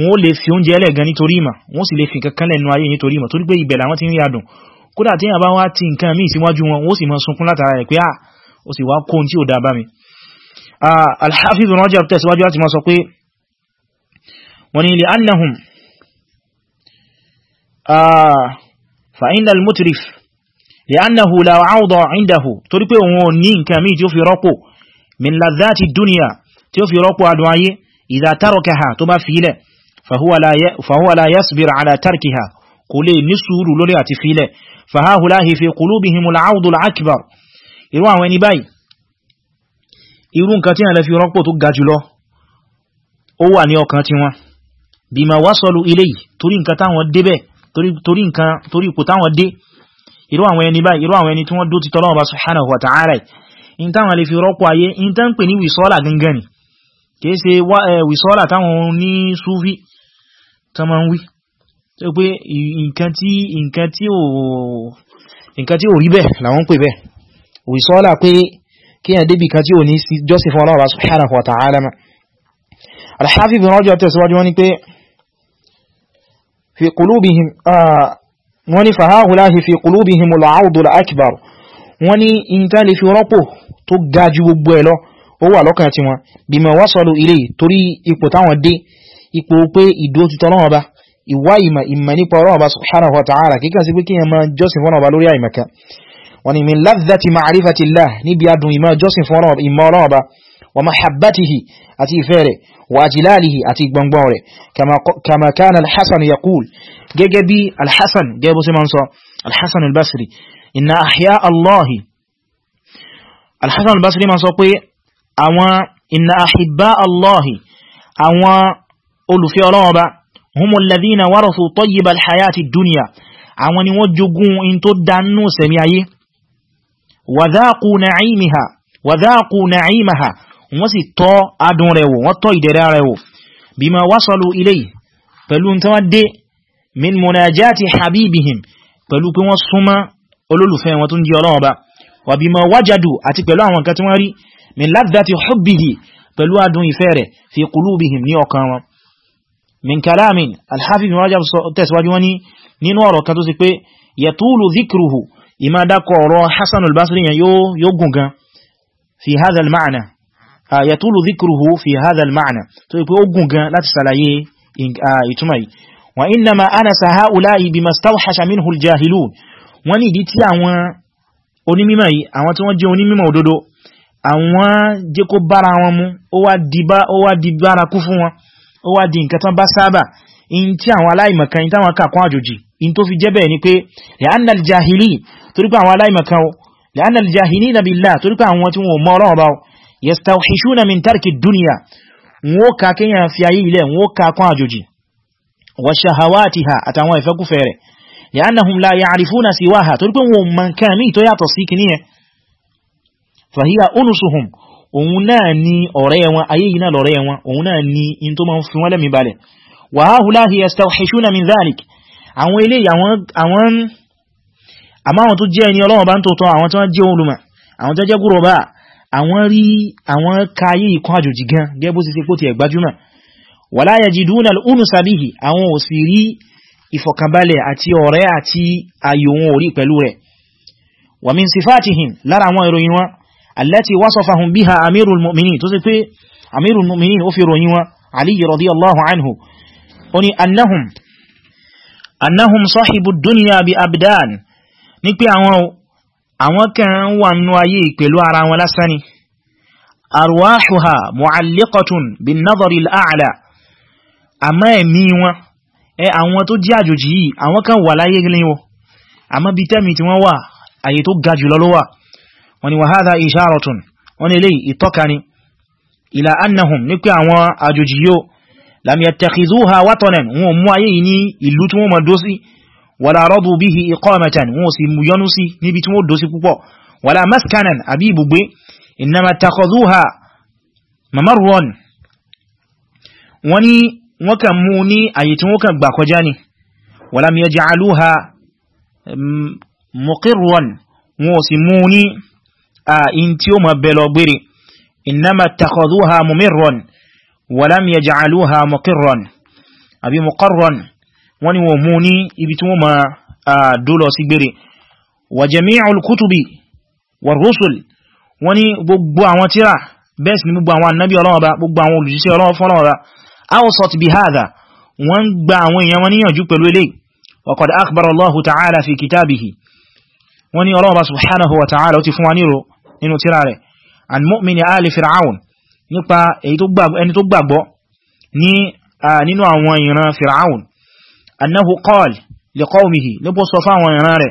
wọ́n lè fi oúnjẹ ẹlẹ́gan nítorí ìmá wọ́n sì lè fi kankan lẹ́nu ayé nítorí ìmá wọ́n ní li'annahum ah, fa'inda al-mutrif li'annahu la 'awda 'indahu torí pé òun ò ní nǹkan míì tí ó fi rọ́pò min ladhati dunya tí ó fi rọ́pò adùn ayé idha tarakaha tó bá filẹ̀ fahuwa la yasbir 'ala tarkiha kò lè ní sùúrù lórí àti filẹ̀ fahahulahi fi qulubihim al-'awdu al-akbar irú àwọn ẹni báyìí irú nǹkan tí a lè fi ga jùlọ bima wasalu ilayhi torí nǹkan táwọn débẹ̀ torí nǹkan torí ipò táwọn dé irú àwọn ẹni báyìí irú àwọn ẹni tí wọ́n dó ti tọ́lọ́wọ́ bá subhanahu wa ta'ala in táwọn lè fi rọ́pò ayé in tá ń pè ní wìsọ́là gangan ni kìí ṣe wìsọ́là táwọn ní súfí tó máa ń wí tó pé nǹkan tí nǹkan tí ò nǹkan tí ò rí bẹ́ẹ̀ làwọn ń pè bẹ́ẹ̀ wìsọ́là في قلوبهم آه وني فهؤلاء في قلوبهم العوض الأكبر وني انتالي في ربه تقاجب بويلو هو لوكان تي وان بما وصلوا اليه توري ايبو تاون دي ايبو بي ايدو تي تولون با ìwá ọ̀rọ̀ ọba subhanahu wa ta'ala kíkà sí pé kí ẹmọ jọ́sìn fún ọba lórí àìmọ̀ká wọn ni min ladhati ma'rifatillah níbi adùn ìmọ̀ jọ́sìn fún ọba ومحبته أتي فيري وأجلاله أتي بنبوري كما, كما كان الحسن يقول جيجبي الحسن جيبو سمانسا الحسن البصري إن أحياء الله الحسن البصري من سوقي أوان إن أحباء الله أوان أولو في أولوبا هم الذين ورثوا طيب الحياة الدنيا أوان وجقون إن تدنوا سميعي وذاقوا نعيمها wàdáàkù nàímàhà wọ́n sì tọ́ adùn rẹ̀ wò wọ́n tọ́ ìdẹ̀rẹ̀ rẹ̀ wò bima wasalu ilayhi pẹ̀lú tí wọ́n dé min munajati habibihim pẹ̀lú pé wọ́n súnmọ́ olólùfẹ́ wọn tó ń jẹ́ Ọlọ́run Ọba wa bima wajadu àti pẹ̀lú àwọn nǹkan tí wọ́n rí min ladhati hubbihi pẹ̀lú adùn ìfẹ́ rẹ̀ fi في هذا المعنى يطول ذكره في هذا المعنى tó pé ó gùn gan láti ṣàlàyé ìtumọ̀ yìí وإنما أنس هؤلاء بما استوحش منه الجاهلون wọ́n ní ìdí tí àwọn onímímọ̀ yìí àwọn tí wọ́n jẹ́ onímímọ̀ òdodo àwọn jẹ́ kó bára wọn mú ó wá di bárakú fún wọn ó wá di nǹkan tán bá sábà in tí àwọn aláìmọ̀kan in táwọn kàkún àjòjì in tó fi jẹ́ ni pé li'anna al-jahili torípé àwọn aláìmọ̀kan لأن الجاهلين بالله تلك أموات ومرابا يستوحشون من ترك الدنيا موكا كيا في عيلة موكا قاجوجي وشهواتها أتعوى فكفير لأنهم لا يعرفون سواها تلك ومن كامي تيا تصيكني فهي أنسهم ونا ني أريوا أيينا لريوا ونا ني انتم انفوالا مبالي وها هلا هي يستوحشون من ذلك عن ويلي عن, عن àmọ́ àwọn tó jẹ́ ẹni Ọlọ́run bá ń tòótọ́ àwọn tí wọ́n jẹ́ olùmọ̀ àwọn tó jẹ́ gúrọ̀bá àwọn rí àwọn ka ayé ìkan àjòjì gan gẹ́ bó ti ṣe pó ti ẹ̀gbájúmọ̀ wala yajiduna al-unsa bihi àwọn ò sì rí ìfọ̀kànbalẹ̀ àti ọ̀rẹ́ àti ayò wọn orí pẹ̀lú rẹ̀ wa min sifatihim lára àwọn ìròyìn wọn allati wasafahum biha amirul mu'minin tó sì pé amirul mu'minin ó fi ní pé àwọn o àwọn kan wà nú ayé pẹ̀lú ara wọn lásán ni arwahuha mu'alliqatun bin nadari al'a'la àmọ́ ẹ̀mí wọn ẹ àwọn tó jẹ́ àjòjì yìí àwọn kan wà láyé gílẹ̀ wọn àmọ́ bí tẹ́mì tí wọ́n wà ayé tó ga jùlọ ló wọ́n ni wa hadha wọ́n ni eléyìí ìtọ́ka annahum ní pé àwọn àjòjì yóò lam yattakhidhuha watanan wọn mú ayé yìí ní ìlú tí wọ́n mọ̀ dó wala radu bihi iqamatan wọ́n sì mú yọnú sí níbi tí wọ́n dó sí púpọ̀ wala maskanan àbí ibùgbé innama takhaduha mamarron wọ́n ni wọ́n kàn mú ní àyè tí wọ́n kàn gbà kọjá ni walam yaj'aluha muqirran wọ́n sì mú ní àyín tí ó ma bẹ̀lọ gbére innama takhaduha mumirron walam yaj'aluha muqirran àbí muqarran wọ́n ní wọ́n mú ní ibi tí wọ́n máa dólọ sí gbére wa jami'ul kutubi war rusul wọ́n ní gbogbo àwọn tírà bẹ́ẹ̀ sì ni gbogbo àwọn annabi Ọlọ́run Ọba gbogbo àwọn olùjíṣẹ́ Ọlọ́run fọ́lọ́run Ọba awsat bi hadha wọ́n gba àwọn èèyàn wọn níyànjú pẹ̀lú eléyìí wa qad akhbara Allahu ta'ala fi kitabihi wọ́n ní Ọlọ́run fir'aun أنه قال لقومه لبصفا وينارع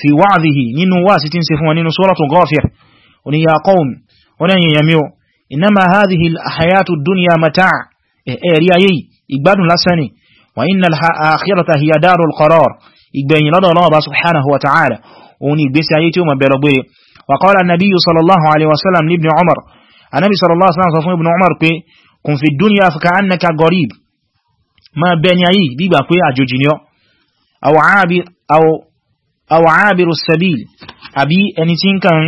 في وعظه نينو واسط سفوا نينو سورة غافية وني يا قوم وني يميو إنما هذه الحياة الدنيا متاع إريايي إيه، إيه، إقبال لساني وإن الآخرة هي دار القرار إقبال لدى الله سبحانه وتعالى وني بسعيتي وما بربيه وقال النبي صلى الله عليه وسلم لابن عمر النبي صلى الله عليه وسلم ابن عمر كن في الدنيا فكأنك غريب ma bẹni ayé bígbà pé àjòjì ni ọ́ àwọ̀ àábìrò sabil àbí ẹni tí kan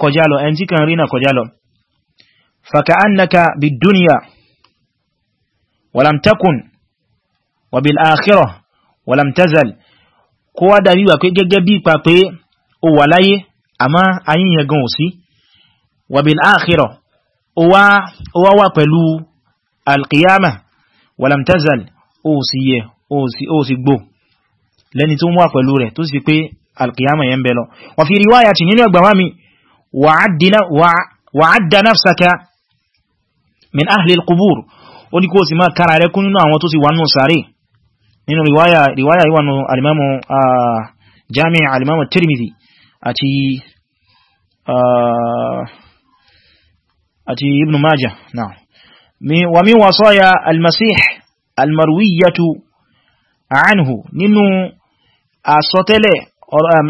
kọjá lọ ẹni tí kan rí na kọjá lọ faka annaka bi duniya walam takun wa bil akhirah walam tazal kó wá dàbí wà pé gẹ́gẹ́ bí ipa pé ó wà láyé àmá ayíyàn gan ò sí wa bil akhirah ó wá wà pẹ̀lú alqiyamah walam tazal ó sì yẹ ó sì gbò lẹ́ni tó wà pẹ̀lú rẹ̀ tó sì pé alkiyama yẹn bẹ lọ wà fi riwaya ti nínú ẹgbàmá mi wà ádá nafsaka min ahli al-qubur ó ní kó sì máa kára rẹ̀ kún nínú àwọn tó sì wà ibn majah náà ومن وصايا المسيح المروية عنه ننو أصطلة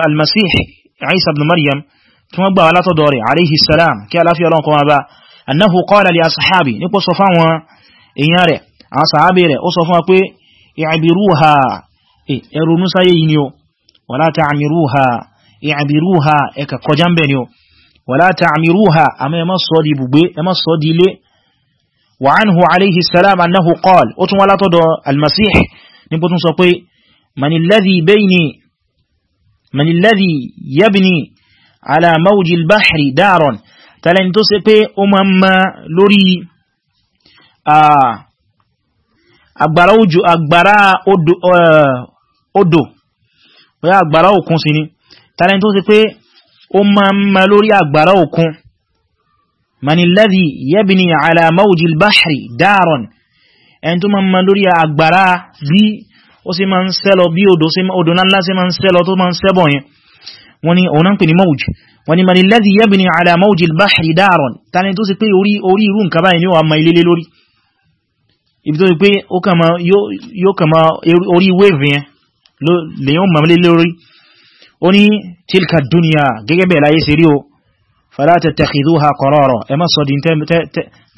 المسيح عيسى بن مريم ثم أبقى على تدوري عليه السلام كألا في الله قوما با أنه قال لأصحابي نقول صفان إياري أصحابي أصفان أقوي يعبروها إرونوسا يينيو ولا تعمروها يعبروها إكا قجنبنيو ولا تعمروها أما يما صدي ببي يما صدي لي وعنه عليه السلام أنه قال أتوى لا تدع المسيح نبتن سقوي من الذي بيني من الذي يبني على موج البحر دارا تلن تسقي أمما لري آه agbára òjò agbára odò bóyá agbára òkun sí ni tàlẹ́ni tó ṣe pé ó من الذي يبني على موج البحر دارا أنتم من مدري أكبرا بي وسي من سلو بي ودو سي ودو نلا سي من سلو تو من سبون وني أونان بني موج وني من الذي يبني على موج البحر دارا تاني تو سي بي أوري أوري رون كباين يو أما إلي لوري ibi tó ti pé ó kàn máa yóò kàn orí wave yẹn lèyàn mọ̀mọ́lé ó ní tilka duniya gẹ́gẹ́ bẹ̀ẹ̀ láyé sí o فلا تتخذوها قرارا اما صدين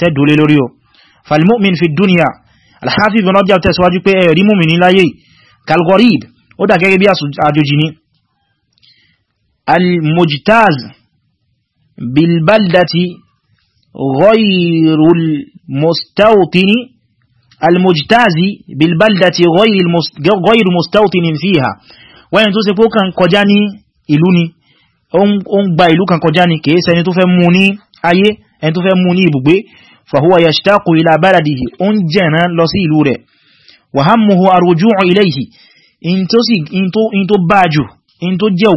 تدولي لوريو فالمؤمن في الدنيا الحافظ بن رجب تسواجو بي ري إيه، مؤمن لاي كالغريب او دا gẹ́gẹ́ bí المجتاز بالبلدة غير المستوطن المجتاز بالبلدة غير المستوطن فيها وين توسي فوقا po إلوني ó ń gba ìlú kan kọjá ní kìí ṣẹni tó fẹ́ mú ní ayé ẹni tó fẹ́ mú ní ibùgbé fahuwa yashtaqu ila baladihi ó ń jẹ̀nà lọ sí ìlú rẹ̀ wa hammuhu arruju'u ilayhi in tó bá in tó jẹ́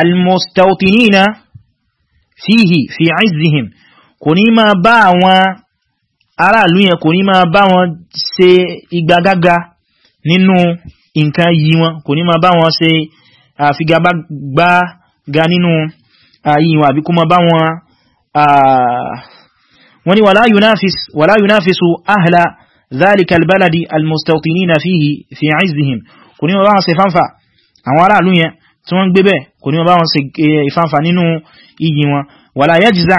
المستوطنين فيه في عزهم kò ní máa bá àwọn aráàlú yẹn kò ní máa bá wọn ṣe ìgbàgágá nínú nǹkan yìí wọn kò ní máa bá wọn ṣe àfigagbága nínú yìí wọn àbí kó máa bá wọn wọ́n ni wala yunafis wala yunafisu ahla dhalika albaladi almustawtinina fihi fi izzihim kò ní máa bá wọn ṣe fánfà àwọn aráàlú yẹn tí wọ́n gbé bẹ́ẹ̀ kò ní bá wọn ṣe e, ìfànfà nínú iyì wọn wala yajza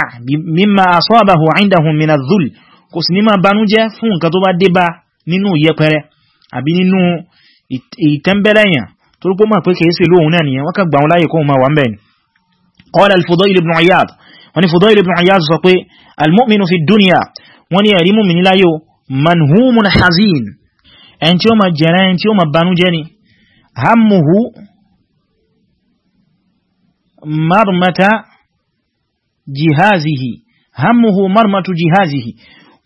mimma asabahu indahum min adh-dhull kò sì ní máa banújẹ́ fún nǹkan tó bá dé bá nínú yẹpẹrẹ àbí nínú ìtẹ́mbẹ́lẹ̀yàn tó rúpó mọ̀ pé kèése lóhun náà nìyẹn wọ́n kà gbà wọn láyé kóhun máa wà ń bẹ̀ ni qala al-Fudayl ibn Iyad wọ́n ni Fudayl ibn Iyad sọ pé al marmata jihazihi hamuhu marmatu jihazihi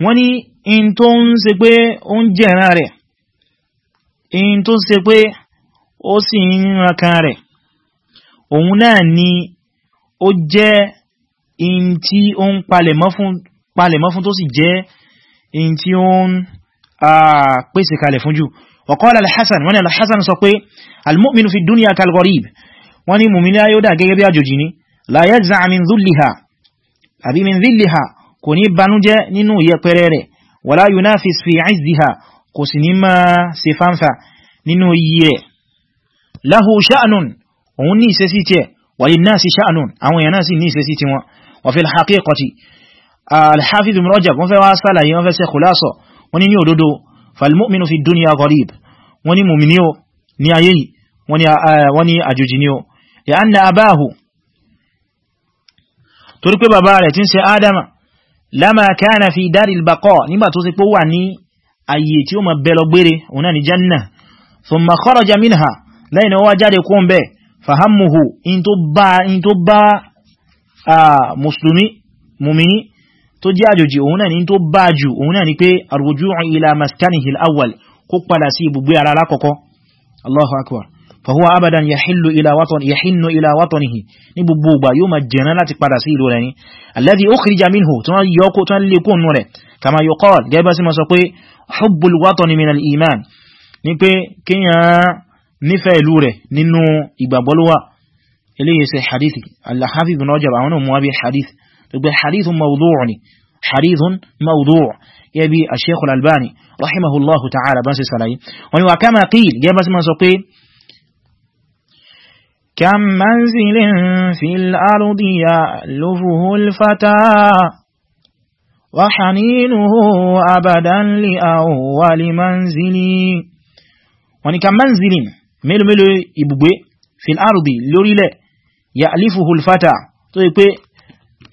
wọ́n ní in tó ń ṣe pé ó ń jẹ̀ràn rẹ̀ in tó ṣe pé ó sì ń rakan rẹ̀ òun náà ni ó jẹ́ in tí ó ń palẹ̀mọ́ fún tó sì jẹ́ in tí ó ń pèsè kalẹ̀ fún jù وقال الحسن وانا الحسن سوى المؤمن في الدنيا كالغريب wọ́n ní mùmíní ayódà gẹ́gẹ́ bí àjòjì ní la yajza' min dhulliha àbí min dhilliha kò ní banújẹ́ nínú yẹpẹrẹ rẹ̀ wala yunafis fi 'izziha kò sì ní máa ṣe fánfà nínú iyì rẹ̀ lahu sha'nun òun wọ́n fẹ́ àjòjì ni o ya'anna abahu torí pé bàbá rẹ̀ tí ń ṣe ádámà lámà kana fi daril baqa nígbà tó sì pé wà ní ayé tí ó ma bẹ̀lọ gbére òun náà ni janna thumma kharaja minha lẹ́yìn ó wá jáde kún bẹ́ẹ̀ fahammuhu in tó bá in tó bá mùsùlùmí mùmíní tó jẹ́ àjòjì òun ni tó bá jù òun ni pé arruju'u ila maskanihi al kó padà sí ibùgbé ara lákọ̀ọ́kọ́ Allahu akbar فهو ابدا يحل الى وطن يحن الى وطنه ní gbogbo ìgbà yóò máa jẹ̀nà láti padà sí ìlú rẹ̀ ni الذي اخرج منه tán yoko tán lè kó nù rẹ̀ kama yuqal gẹ́bẹ́ sí ma sọ pé حب الوطن من الايمان ní pé kíyàn nífẹ̀ẹ́ ìlú rẹ̀ nínú ìgbàgbọ́lówà eléyìí ṣe hadithi al-Hafiz ibn Rajab àwọn ọmọ wábí hadith tó gbé hadithun mawdu' ni hadithun mawdu' gẹ́bí al-Sheikh al-Albani rahimahullahu kama qil gẹ́bẹ́ sí ma sọ pé كم منزل في الأرض يألفه الفتى وحنينه أبدا لأول منزل wani kan manzilin mélòmélò ibùgbé fil ardi lórílẹ̀ ya'lifuhu al-fata tó yí pé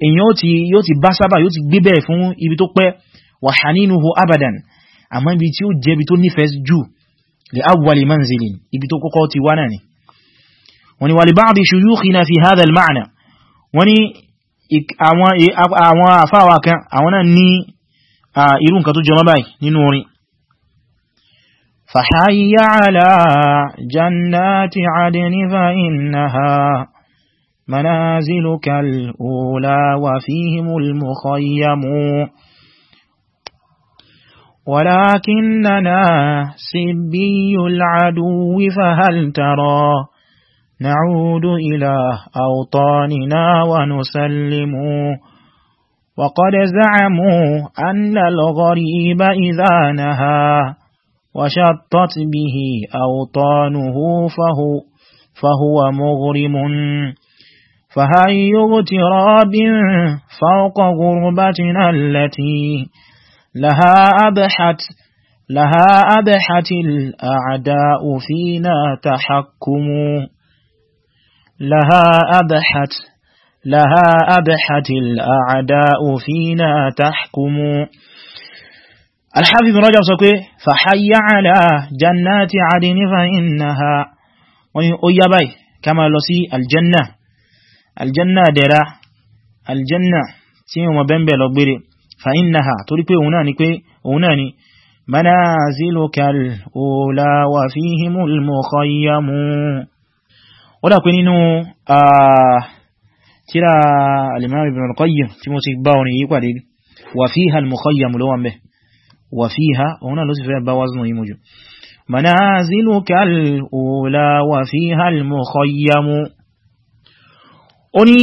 èyàn yóò ti bá sábà yóò ti gbé bẹ́ẹ̀ fún ibi tó pẹ́ wa haninuhu abadan àmọ́ ibi tí ó jẹ́ ibi tó nífẹ̀ẹ́ jù li awwali manzilin ibi tó kọ́kọ́ ti wá náà ni ولبعض شيوخنا في هذا المعنى وني اوا اوا فواك àwọn ني ní irú nǹkan tó jẹ فحي على جنات عدن فإنها منازلك الأولى وفيهم المخيم ولكننا سبي العدو فهل ترى نعود إلى أوطاننا ونسلم وقد زعموا أن الغريب إذا نهى وشطت به أوطانه فهو, فهو مغرم فهي اغتراب فوق غربتنا التي لها أبحت لها أبحت الأعداء فينا تحكموا لها أبحت لها أبحت الأعداء فينا تحكم الحافظ رجب سكوي فحي على جنات عدن فإنها ويأبي كما لسي الجنة الجنة درا الجنة سيما بمبي لقبري فإنها تريكوي هناني هناني منازلك الأولى وفيهم المخيمون ó dà pé nínú tíra al-Imam Ibn al-Qayyim tí mo ti bá orin yí pàdé wà fíhà al-Mukhayyam ló wà mẹ́ wà fíhà òun náà ló sì fẹ́ bá wázùn yí mojú manaziluka al-ula wà fíhà al-Mukhayyam ó ní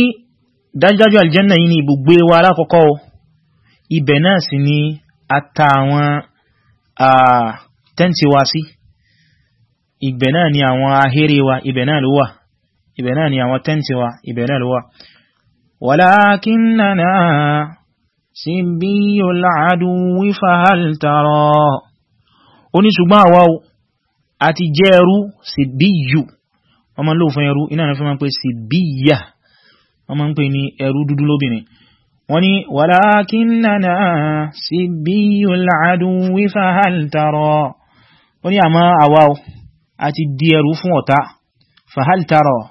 yìí ni ibùgbé náà ni àwọn ahéré wa náà ló wà ibẹ̀ náà ni àwọn tẹ́ǹtì wa ibẹ̀ náà ló wà walakinnana sibbiyul aduwi fahal tara ó ní ṣùgbọ́n àwa o àti jẹ́ ẹrú sibbiyu wọ́n máa ń lò fún ẹrú iná náà fi máa ń pè sibbiya wọ́n máa ń ní ẹrú dúdú lóbìnrin wọ́n ní walakinnana sibbiyul aduwi fahal tara wọ́n ní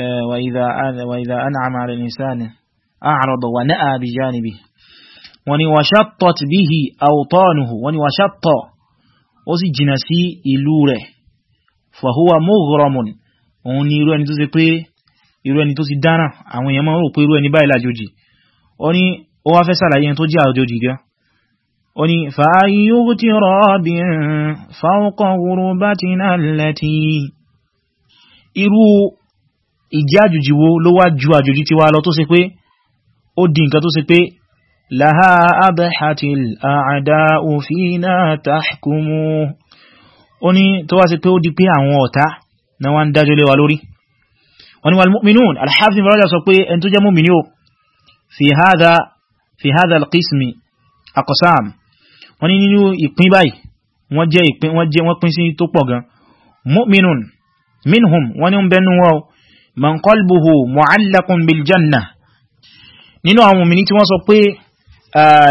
وإذا, وإذا أنعم على الإنسان أعرض ونأى بجانبه وني وشطت به أوطانه وني وشط أسي جنسي إلوره فهو مغرم وني إلوه نتوزي قي إلوه نتوزي دانا àwọn èèyàn máa rò pé irú ẹni báyìí lájòjì ó ní ó wá fẹ́ sàlàyé tó jẹ́ àjòjì gẹ́ ó ní fàáyíyó tí rọ́ọ̀bì fáwọ́kọ̀ gúrú bá ti náà lẹ́tí irú ìjẹ́ àjòjì wo ló wá ju àjòjì ti wá lọ tó ṣe pé ó di nǹkan tó ṣe pé laha adhatil a'da'u fina tahkumu ó ní tó wá ṣe pé ó di pé àwọn ọ̀tá na wá ń dájọ́ lé wa lórí wọ́n ni wal mu'minun al-Hafiz wọ́n ni nínú ìpín báyìí wọ́n ni ń bẹnu wọ́n man qalbuhu mu'allaqun bil janna nínú àwọn mùmínì tí wọ́n sọ pé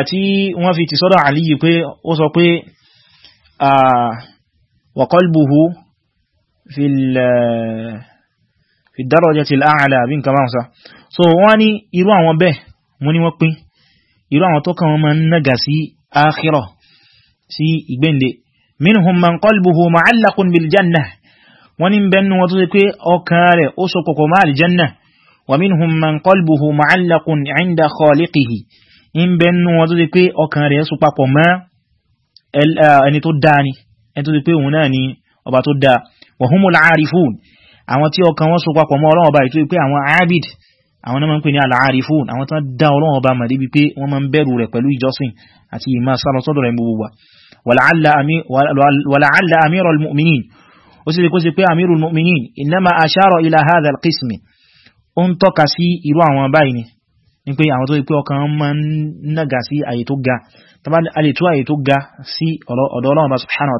tí wọ́n fi ti sọ́dọ̀ àlìyí pé ó sọ pé wa qalbuhu fi darajatil a'la bí nǹkan máa so wọ́n ní irú àwọn bẹ́ẹ̀ mú ní wọ́n pín irú àwọn tó kàn wọ́n máa ń nága wọ́n ní bẹ́nu wọn tó ṣe pé ọkàn rẹ̀ ó so kòkò máa aljanna wa minhum man qalbuhu mu'allaqun 'inda khaliqihi ń bẹ́nu wọn tó ṣe pé ọkàn rẹ̀ so papọ̀ mọ́ ẹni tó dáa ni ẹni tó ṣe pé òun náà ni ọba tó dáa wa humul 'arifun àwọn tí ọkàn wọn ó sì kó sí pé amirul mu'minin inama ashara ila hadha alqism ó ń tọ́ka sí irú àwọn báyìí ni ní pé àwọn tó pé ọkàn máa ń nága sí àyè tó ga tàbí a lè tó ga sí ọ̀dọ̀ ọlọ́run bá subhanahu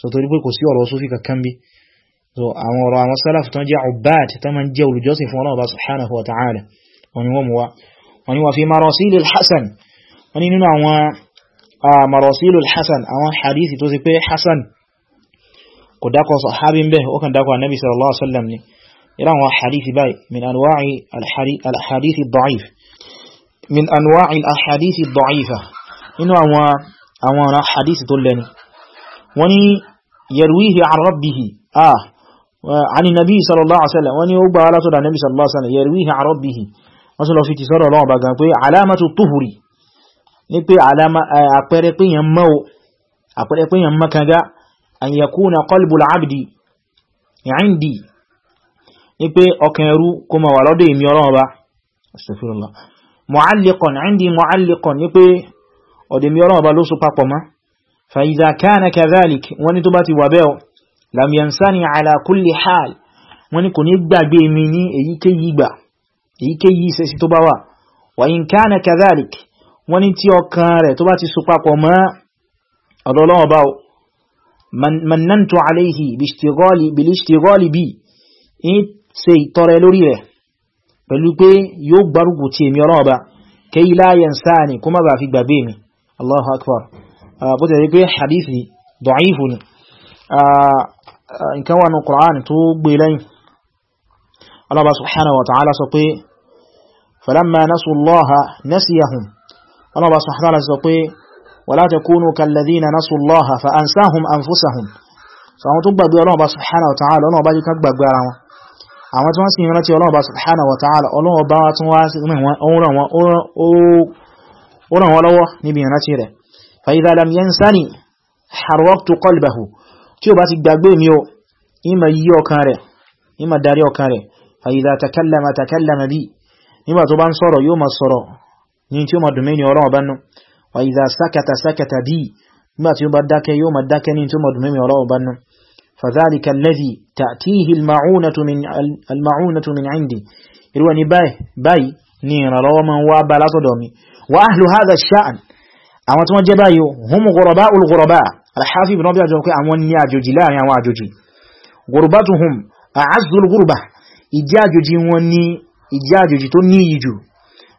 so torí pé kò sí ọ̀rọ̀ sufi kankan bí so àwọn ọ̀rọ̀ àwọn salaf tán jẹ́ ubad tán máa ń jẹ́ olùjọ́sìn fún Ọlọ́run subhanahu wa ta'ala wọ́n ní wọ́n mú wa wọ́n ní wa fi marasilil hasan wọ́n ní nínú àwọn marasilil hasan àwọn hadithi tó sì pé hasan kò dákọ̀ sahabi ń bẹ̀ ó kàn dákọ̀ annabi sallallahu alaihi wasallam ni ìran wa hadithi bai min anwa'i alhadithi da'if min anwa'i alhadithi da'ifa nínú àwọn àwọn hadithi tó lẹ́ni wọ́n ni yarwihi an rabbihi ah ani nabi sallallahu alaihi wasallam wọ́n ni ó gbà wá látọ̀dọ̀ nabi sallallahu alaihi wasallam yarwihi an rabbihi wọ́n sì lọ fi ti sọ́rọ̀ ọlọ́wọ́ bá gan pé alamatu tuhuri ní pé eh, àpẹẹrẹ pé yàn mọ́ àpẹẹrẹ pé yàn mọ́ kanga an yakuna qalbul abdi indi ní pé ọkàn ẹrú kó ma wà lọ́dọ̀ èmi ọlọ́wọ́ bá فإذا كان كذلك ونتبات وبيو لم ينساني على كل حال ونكون يبدأ بيميني إيكي يبا إيكي يسيسي تبوا وإن كان كذلك ونتي أكار تباتي سقاق وما أدولا وباو من مننت عليه باشتغال بالاشتغال بي إيكي ترى لوريه pẹ̀lú pé yóò gbárùkù tí èmi ọlọ́ọ̀bá kí ilá yẹn sáà ní kó má bàá fi gbàgbé mi Allahu akbar Ah, bó tẹ̀ rí pé hadith ni da'if ni ah, nǹkan wà ní Qur'an tó gbé lẹ́yìn Allah subhanahu wa ta'ala sọ pé falamma nasu Allaha nasiyahum Allah subhanahu wa ta'ala sọ pé wala takunu kalladhina nasu Allaha fa ansahum anfusahum so àwọn tó gbàgbé Allah subhanahu wa ta'ala ọlọ́wọ́ bá jí ká gbàgbé ara wọn àwọn tí wọ́n sì rántí Allah subhanahu wa ta'ala ọlọ́wọ́ bá wá tún wá sí ràn wọ́n lọ́wọ́ níbi ìrántí rẹ̀ فإذا لم ينسني حرقت قلبه tí ó bá ti gbàgbé mi o ima yí ọkàn rẹ̀ ima darí ọkàn rẹ̀ فإذا تكلم تكلم بي nígbà tó bá ń sọ̀rọ̀ yóò ma sọ̀rọ̀ ní tí ó ma dùnmí ní ọ̀rọ̀ ọba وإذا سكت سكت بي nígbà tí ó bá dákẹ́ yóò ma dákẹ́ فذلك الذي تأتيه المعونة من المعونة من عندي irú ẹni báyìí ní ìrànlọ́wọ́ ma ń wá bá وأهل هذا الشأن àwọn tí wọ́n jẹ́ báyìí hum ghuraba ul ghuraba alhafi ibn rabi ajo pé àwọn ni àjòjì láàrin àwọn àjòjì gurbatuhum a'azzul ghurba ìjẹ́ àjòjì wọn ni ìjẹ́ àjòjì tó ní iyì jù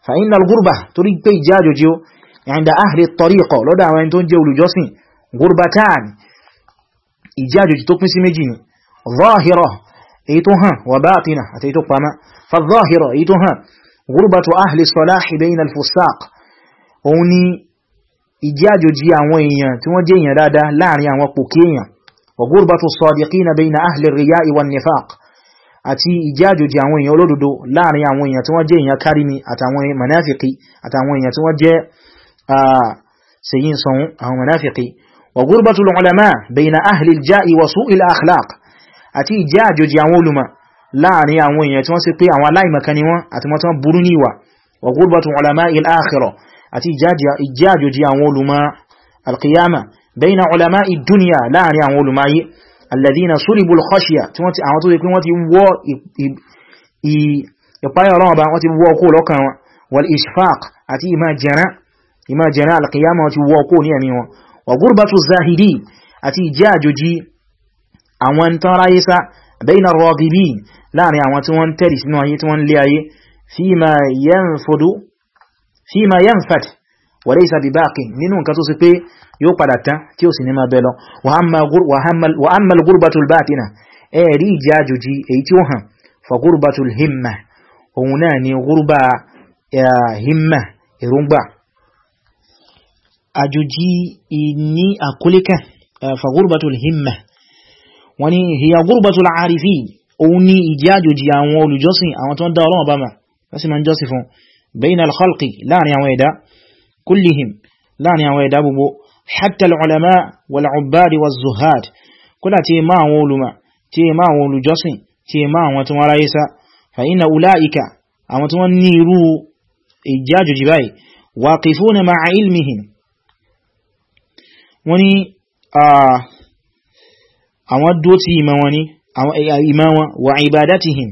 fa innal ghurba torí pé ìjẹ́ àjòjì ó inda ahli tariqa lọ́dọ̀ àwọn ẹni tó ń jẹ́ olùjọ́sìn òun ni ìjí àjòjì àwọn èèyàn tí wọ́n jẹ́ èèyàn dáadáa láàrin àwọn pòkí èèyàn wa gurbatu sadiqina bayna ahli ar-riya'i wan-nifaq àti ìjí àjòjì àwọn èèyàn olódodo láàrin àwọn èèyàn tí wọ́n jẹ́ èèyàn kárìmí àtàwọn manáfìkì àtàwọn èèyàn tí wọ́n jẹ́ sẹ́yìn sọ̀hún àwọn manáfìkì wa àti ìjẹ́ àjòjì àwọn olùmọ̀ alqiyama bayna ulama ìdúnìyà láàrin àwọn olùmọ̀ ayé alladhina sulibu al-khashya tí wọ́n ti àwọn tó ṣe pé wọ́n ti wọ́ ìpáyà ọlọ́wọ́ bá wọ́n ti wọ́ kó lọ́kàn wọn wal ishfaq àti ìmá jẹ́rẹ́ alqiyama wọ́n ti wọ́ kó ní ẹ̀mí wọn wa gurbatu zahidi àti fima yanfad wa laysa bibaqi nínú nǹkan tó sì pé yóò padà tán tí ó sì ní máa bẹ lọ wa amma al-ghurbatul batina ẹ̀rí ìjì àjòjì èyí tí ó hàn fa ghurbatul himma òun náà ni gúrùbà himma èròngbà àjòjì ní àkólíkà fa himma wọ́n ni بين الخلق لا نعويدا كلهم لا نعويدا ببو حتى العلماء والعباد والزهاد كل تيما ولما تيما ولجسن تيما وتمرايسا فإن أولئك أما تونيرو إجاج جباي واقفون مع علمهم وني آه أما دوتي إما وني أما إما وعبادتهم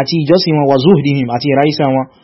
أتي جسن وزهدهم أتي رئيسا وني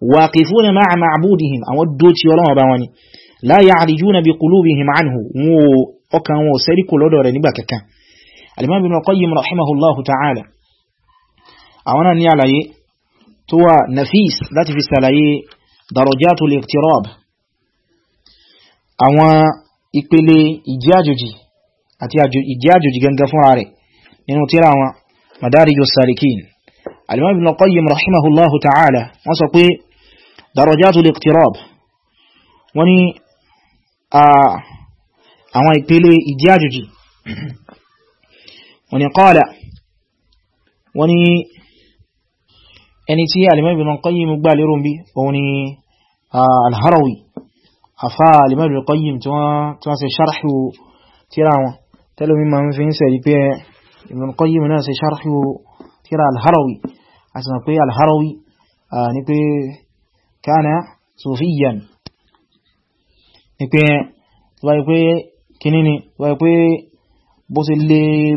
waqifuna ma'a ma'budihim àwọn dó ti ọlọ́wọ́ bá wọn ni la ya'rijuna bi qulubihim anhu wọn ọkàn wọn sẹ́rí kò lọ́dọ̀ rẹ̀ nígbà kankan al-imam ibn qayyim rahimahullahu ta'ala àwọn náà ní àlàyé tó wà nafis láti fi sàlàyé darajatul iqtirab àwọn ìpele ìjẹ́ àjòjì àti ìjẹ́ àjòjì gangan fúnra rẹ̀ nínú wọ́n sọ pé darajatu liqtirab wọ́n ní àwọn ìpele ìjẹ́ àjòjì wọ́n ní qala wọ́n ní ẹni tí Imam Ibn Qayyim gbà lérò bí òun ni al-Harawi afá Imam Ibn Qayyim tí wọ́n ṣe ṣarhu tíra wọn tẹ́lómi ma ń fi ń sẹ̀rí pé Ibn Qayyim náà ṣe ṣarhu tíra al-Harawi a sì al-Harawi ni pé kana sufiyan ní pé tọ́wàá pé kíní ni tọ́wàá pé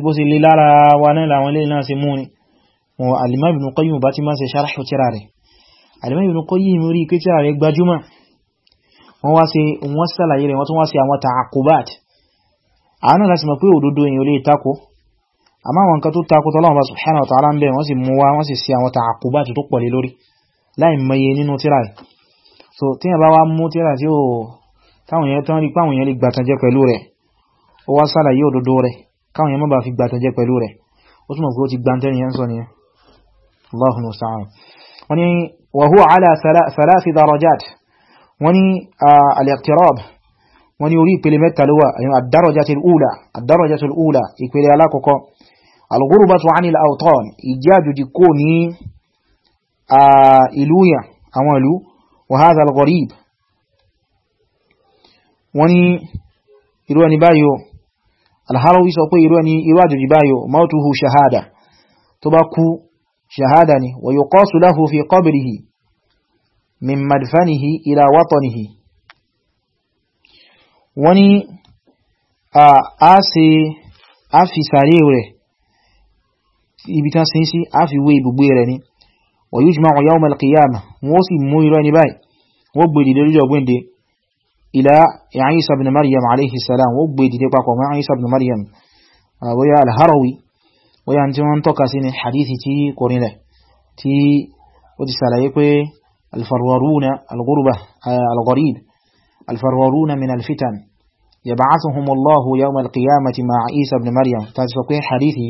bó sì lè lára wa náà làwọn ilé náà sí mú ni wọn al-Imam Ibn Qayyim bá ti máa ṣe ṣáráṣù tíra rẹ̀ al-Imam Ibn rí pé tíra rẹ̀ gbajúmọ̀ wọ́n wá sí wọ́n sàlàyé rẹ̀ wọ́n tún wá sí àwọn ta'akubat láì mọye nínú tíra so tí yẹn bá wá mú tíra tí ó táwọn yẹn tán rí páwọn yẹn lè gbàtànjẹ pẹ̀lú rẹ̀ ó wá ṣàlàyé òdodo rẹ̀ káwọn yẹn má bàa fi gbàtànjẹ pẹ̀lú rẹ̀ ó túnmọ̀ pé ó ti gbàntẹ́ nìyẹn sọ nìyẹn Allahul musta'an wọ́n ni wa huwa ala thalathi darajat ní ìlú yà àwọn ìlú wa hadha al-gharib wọ́n ní irú ẹni báyìí al-Harawi sọ pé irú ẹni irú àjòjì báyìí mautuhu shahada tó bá kú shahada ni wa yuqasu lahu fi qabrihi min madfanihi ila watanihi wọ́n a ṣe a fi ibi tán sin sí a fi wé ibùgbé ni ويجمع يوم القيامة موسي مويراني باي وبدي لرجع بندي إلى عيسى بن مريم عليه السلام وبدي تقاقوا مع عيسى بن مريم آه، ويا الهروي ويا أنتمان تقاسين الحديث تي قرنة تي ودي سلايكوي الفرورون الغربة آه، الغريب الفرورون من الفتن يبعثهم الله يوم القيامة مع عيسى بن مريم تاتي حديثي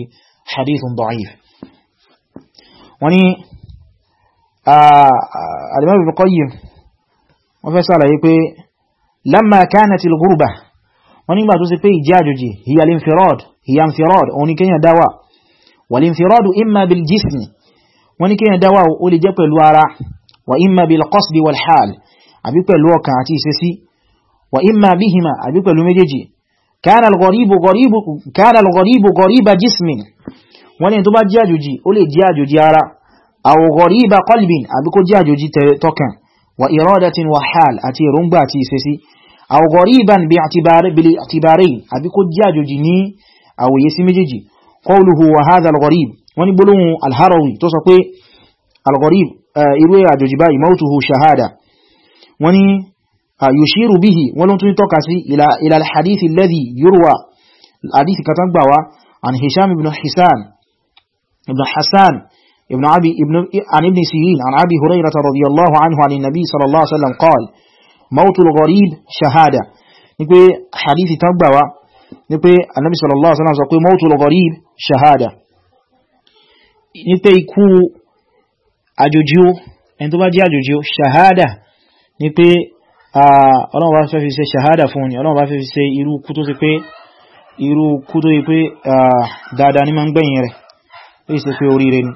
حديث ضعيف وني alimọ́bí bí kọ́yí wọ́n fẹ́ sàlàyé pé lámà kánàtì lùgúrùbà wọ́n nígbà tó sì pé ìjẹ́ àjòjì hiyalinfirod hiyanfirod òun ni kíyàn dáwà walinfirodu imma bil jismi wọ́n ni kíyàn dáwà ó lè jẹ́ pẹ̀lú ara wa imma bil qasdi wal hal àbí pẹ̀lú ọkàn àti ìṣesí wa imma bihima àbí pẹ̀lú méjèèjì kana al-gharibu aw ghariba qalbin àbí kó jẹ́ àjòjì tọkàn wa iradatin wa hal àti èròǹgbà àti ìṣesí aw ghariban bi i'tibarayn àbí kó jẹ́ àjòjì ní àwòye sí méjèèjì qawluhu wa hadha al-gharib wọ́n ní gbólóhùn al-Harawi tó sọ pé al-gharib eh, irú àjòjì báyìí mautuhu shahada ibn Hassan ابن عبي ابن عن ابن سيرين عن عبي هريرة رضي الله عنه عن النبي صلى الله عليه وسلم قال موت الغريب شهادة نقول حديث تنبوى نقول النبي صلى الله عليه وسلم يقول موت الغريب شهادة نقول يكو àjòjì ó ẹni tó bá jẹ́ àjòjì ó ṣàhádà ní pé ọlọ́run bá fẹ́ fi ṣe ṣàhádà fún ni ọlọ́run bá fẹ́ fi ṣe irú kú tó pé irú rẹ̀ ni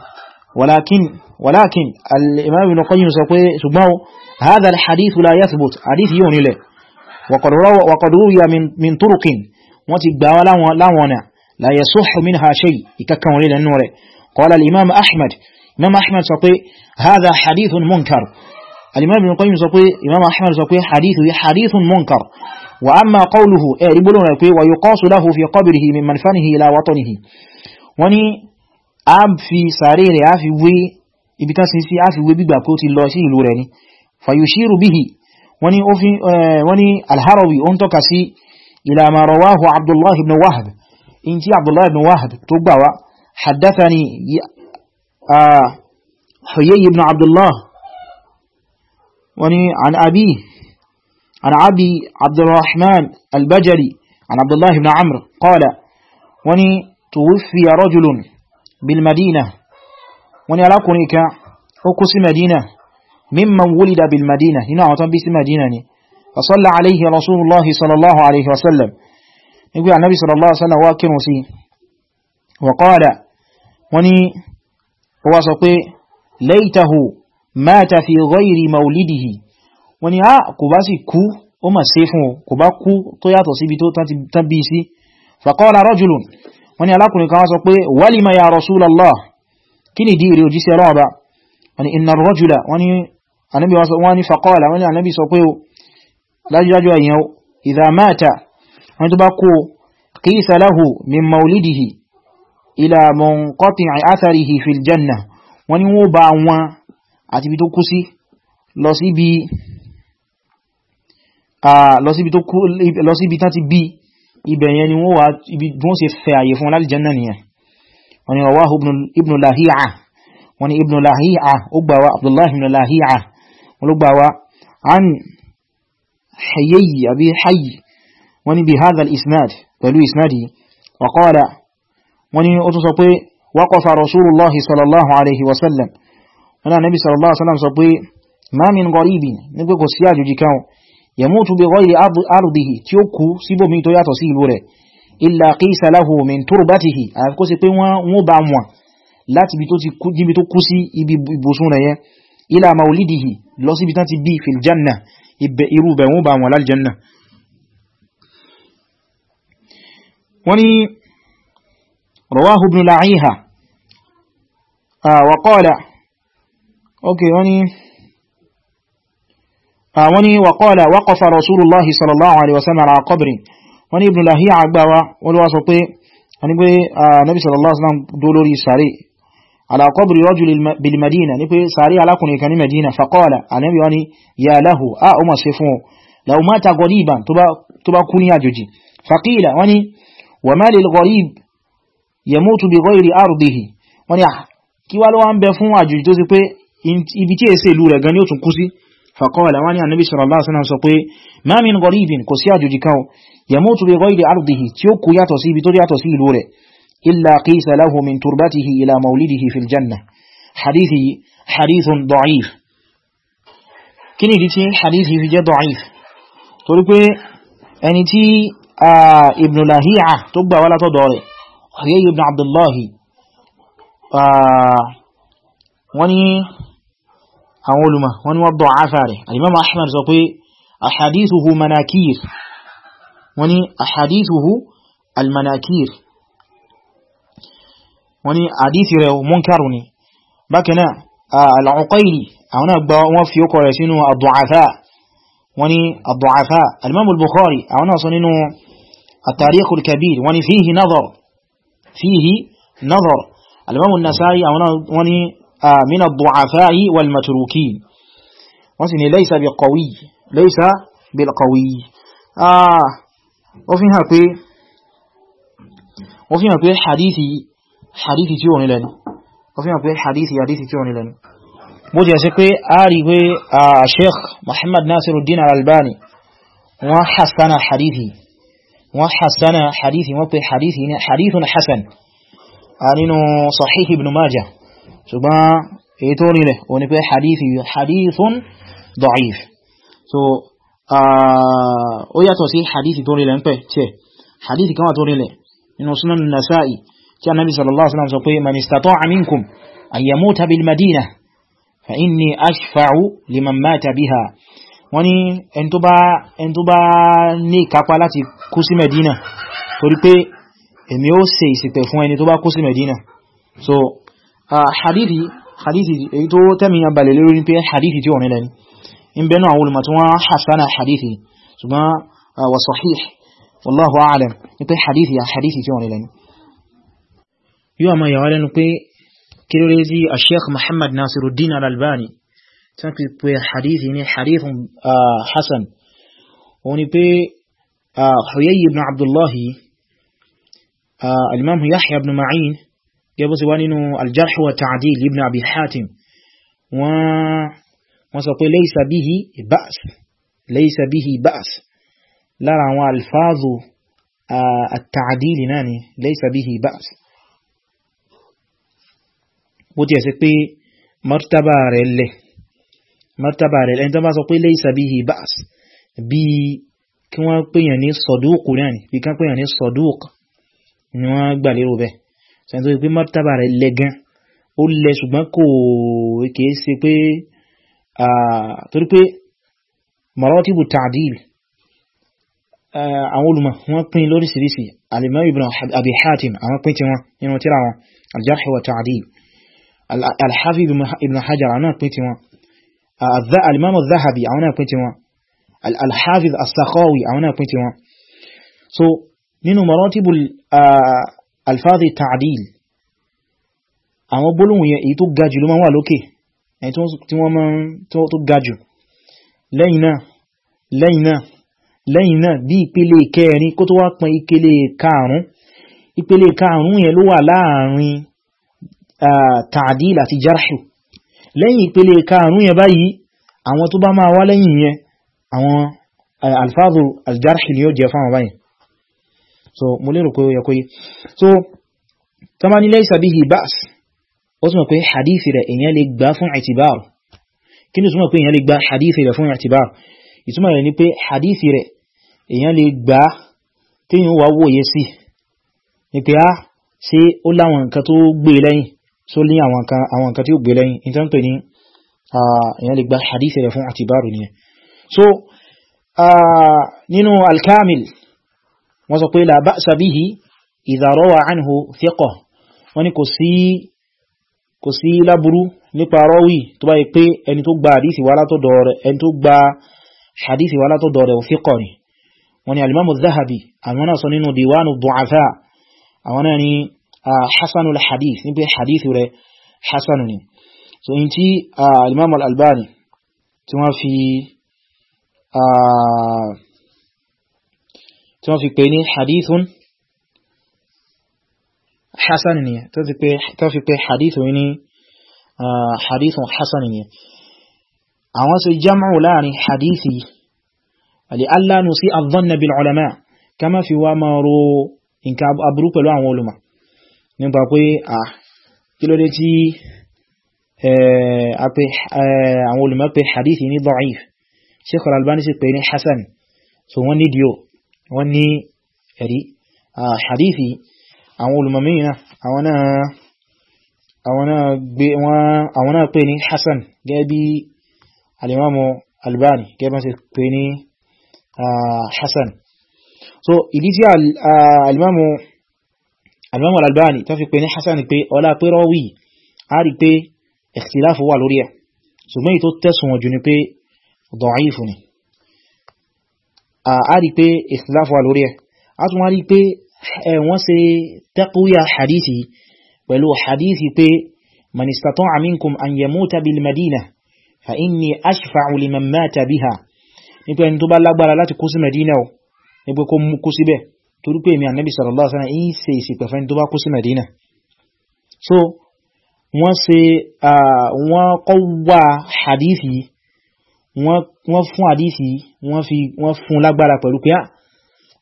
ولكن ولكن الإمام ابن القيم سيقول هذا الحديث لا يثبت حديث يوني له وقد روى وقد روي من من طرق وتبوا لا ونا لا يصح منها شيء يككون لنا النور قال الإمام أحمد إمام أحمد سيقول هذا حديث منكر الإمام ابن القيم سيقول إمام أحمد سيقول حديث حديث منكر وأما قوله إيه ويقاس له في قبره من منفنه إلى وطنه وني a fi sàárè rẹ̀ a fi wé ibi tán sin sí a fi wé gbígbà kó ti lọ sí ìlú rẹ̀ ni fayushiru bihi wọ́n ni alharawi o ń tọ́ka sí ila ma rawahu abdullahi ibn wahab in ti abdullahi ibn wahab tó gbà wá haddathani huyay ibn abdullah wọ́n ni an abi an abi abdurrahman albajali an abdullahi بالمدينة wọ́n ní arákùnrin kan ó kú sí Medina mimman wulida bil Madina nínú àwọn tó bí sí Medina ni wa salla alayhi Rasulullah sallallahu alayhi wa sallam nígbé Ànábì sallallahu alayhi wa sallam wá kírun sí wa qala wọ́n ní ó wá sọ pé laytahu mata fi ghayri mawlidihi wọ́n ní a kò bá sì kú ó mà ṣe fún kò bá kú tó yàtọ̀ síbi tó tán bí sí fa qala rajulun wọ́n ní alákùnrin kan wá sọ pé walima ya Rasulallah kí ni díire òjíṣẹ́ ọlọ́run ọba wọ́n ní inna rajula wọ́n ní anábì wọ́n ní faqala wọ́n ní anábì sọ pé dájúdájú ẹ̀yàn idha mata wọ́n ibi tó kú sí lọ tán ti bí ibẹ̀ yẹn ni wọ́n wà ibi dún ṣe fẹ́ àyè fún láti janna nìyẹn wọ́n ni ọwá ibn lahi'a wọ́n ni ibn lahi'a ó gbà wá abdullahi ibn lahi'a wọ́n ló gbà wá an hayayi àbí hayi wọ́n ni bi hadhal isnad pẹ̀lú isnadi wa qala wọ́n ni ó tún sọ pé waqafa rasulullahi يموت بغير أرضه تيوكو سيبو ميتو ياتو سيبو ري إلا قيس له من تربته أفكو سيبو مبامو láti ibi tó kú sí ibi ibùsùn rẹ̀ yẹn ilá maulidihi lọ sí ibi tán ti bí fil janna ibẹ̀ irú bẹ̀ wọ́n bá wọn lal janna wọ́n ni rawahu ibn la'iha ah, wa qala ok àwọn ah, ni wàkọ́ọ̀lá waqafa rasulullahi sallallahu alaihi wasallam ala qabri wọ́n ni ibn lahiya agbawa wọ́n wá sọ pé wọ́n ni pé ah, nabi sallallahu alaihi wasallam dó lórí sàárè ala qabri rajulin bil madina ni pé sàárè a o ma se fún o law mata ghariban tó bá kú ní àjòjì faqila wani wa ma lil gharib yamutu bi ghairi ardihi wani ah, kí wá ló wá ń bẹ fún àjòjì فقال واني النبي صلى الله عليه وسلم سقي ما من غريب كسيا جوجيكاو يموت بغير عرضه تيوكو ياتوسي بتوري ياتوسي لوري إلا قيس له من تربته إلى مولده في الجنة حديثي حديث ضعيف kíni ìdí tí hadithi fi jẹ́ da'if torí pé ẹni tí ibn lahi'a tó gbà wá látọ̀dọ̀ rẹ̀ ọ̀rẹ́ ibn abdullahi wọ́n ni أولما ونوضع عفاره الإمام أحمد زقوي أحاديثه مناكير وني أحاديثه المناكير وني أحاديث رو منكرني بكنا آه، العقيلي أنا أوفي أقول شنو الضعفاء وني الضعفاء الإمام البخاري أونا صنينو التاريخ الكبير وني فيه نظر فيه نظر الإمام النسائي أونا وني من الضعفاء والمتروكين وسني ليس بقوي ليس بالقوي آه وفيها كي وفيها كي حديثي حديثي تيوني لن وفيها كي حديثي حديثي تيوني لن bóti ẹ̀ṣẹ́ pé a rí pé a sheikh mohamed nasiruddin al-albani wọ́n hassana hadithi wọ́n hassana hadithi wọ́n pé hadithi ní hadithun hassan a nínú sahih ibn majah ṣùgbọ́n èyí tó rílẹ̀ o ní pé hadithun da'if so ó yàtọ̀ sí hadithi tó rílẹ̀ ń pẹ̀ tí ẹ̀ hadithi kan wà tó rílẹ̀ nínú sunan nasa'i tí annabi sallallahu alaihi wasallam sọ pé man istata'a minkum an yamuta bil madina fa inni ashfa'u liman mata biha wọ́n ní ẹni tó bá ẹni tó bá ní ìkápá medina so hadithi hadithi èyí tó tẹ́mìyàn balẹ̀ lórí pé hadithi tí ọ̀rìn lẹ́ni in bẹ̀rẹ̀ àwọn olùmọ̀ tí wọ́n hasana hadithi ṣùgbọ́n wa sahih wallahu a'lam ní pé hadithi a hadithi tí ọ̀rìn lẹ́ni yóò ma yàwá lẹ́nu pé kírérésí a sheikh muhammad nasiruddin al-albani tí wọ́n ti pè hadithi ní hadithun hasan wọ́n ni pé huyayy ibn abdullahi al-imam yahya ibn ma'in gẹ́bọ́ sí wá nínú aljarh wa ta'dil ibn abi hatim wọ́n sọ pé laysa bihi ba's laysa bihi ba's lára àwọn alfáàzù at-ta'dil náà ni laysa bihi ba's bó ti ẹ̀ sí pé martaba rẹ̀ lẹ̀ martaba rẹ̀ lẹ́yìn tó bá sọ pé laysa bihi ba's bí kí wọ́n bí kí wọ́n pèyàn ní saduq ni wọ́n gbà lérò bẹ́ẹ̀ sẹ́ni tó yẹ pé mọ́tàbà rẹ̀ lẹ gan ó lẹ ṣùgbọ́n kò kìí ṣe pé torí pé maratibu ta'dil àwọn olùmọ̀ wọ́n pín lóríṣìíríṣìí al-Imam ibn Abi Hatim àwọn pín tí wọ́n nínú tíra wọn al-Jarh wa ta'dil al-Hafiz ibn Hajar àwọn náà pín tí wọ́n al-Imam al-Dhahabi àwọn alfáàdì ta'dil àwọn gbólóhùn yẹn èyí tó gajù ló máa wà lókè èyí tí wọ́n máa tó gajù lẹ́yìn náà lẹ́yìn náà lẹ́yìn náà bí ìpele kẹrin kó tó wá pọn ìpele karùn-ún ìpele karùn-ún yẹn ló wà láàrin ta'dil àti jarhu lẹ́yìn ìpele karùn-ún yẹn báyìí àwọn tó bá máa wá lẹ́yìn yẹn àwọn alfáàdù aljarhu ni ó jẹ fáwọn báyìí so mo lérò pé ó yẹ kó so tọ́mà ní laysa bihi ba's ó túnmọ̀ pé hadith rẹ̀ èyàn lè gbà fún i'tibar kí ni túnmọ̀ pé èyàn lè gbà hadith rẹ̀ fún i'tibar ìtumọ̀ rẹ̀ ni pé hadith rẹ̀ èyàn lè gbà kíyàn wà wòye sí ni pé á ah, ṣe ó láwọn nǹkan tó gbé lẹ́yìn só ní àwọn nǹkan tí ó gbé lẹ́yìn in tán pè ní èyàn lè gbà hadith rẹ̀ fún i'tibar nìyẹn so nínú al-kamil wọ́n sọ pé la ba'sa bihi idha rawa anhu thiqa wọ́n ni kò sí láburú nípa rọ́wì tó bá yí pé ẹni tó gba hadisi wá látọ̀dọ̀ rẹ̀ ẹni tó gba hadisi wá látọ̀dọ̀ rẹ̀ thiqa ni wọ́n ni alimamu zahabi àwọn náà sọ nínú diwanu du'afa àwọn náà tí wọ́n fi pè ní hadithun hasan ni tí wọ́n fi pè hadithun ní hadithun hasan ni àwọn sí jam'u láàrin hadithi alì allanu sí adhanna bil ulama kama fi wá máa ro nǹkan aburú pẹ̀lú àwọn olùmọ̀ nípa pé à kí tí àwọn olùmọ̀ pé hadithi ní da'if Sheikh al-Albani pè ní hasan so wọ́n nídìí wọ́n ní ẹ̀rí hadithi àwọn olùmọ̀míyàn àwọn náà pè ní hassan gẹ́gẹ́ bí alimamu albani gẹ́gẹ́ bí pè ní hassan so ìdí tí alimamu alimamu albani tó fi pè ní hassan pé ọlá pé rọ́wì a rí pé ikhtilafu wà lórí ẹ̀ ṣùgbọ́n ì a rí pé ikhtilaf wà lórí ẹ̀ a tún wá rí pé eh, wọ́n ṣe taqwiya hadithi pẹ̀lú hadithi pé man istata'a minkum an yamuta bil madina fa inni ashfa'u liman mata biha ní pé ẹni tó bá lágbára láti kú sí madina o ní pé kó mú kú síbẹ̀ so wọ́n ṣe wọ́n kọ́wà hadithi wọ́n fún àdísì wọ́n fún lágbára pẹ̀lú pé à ah,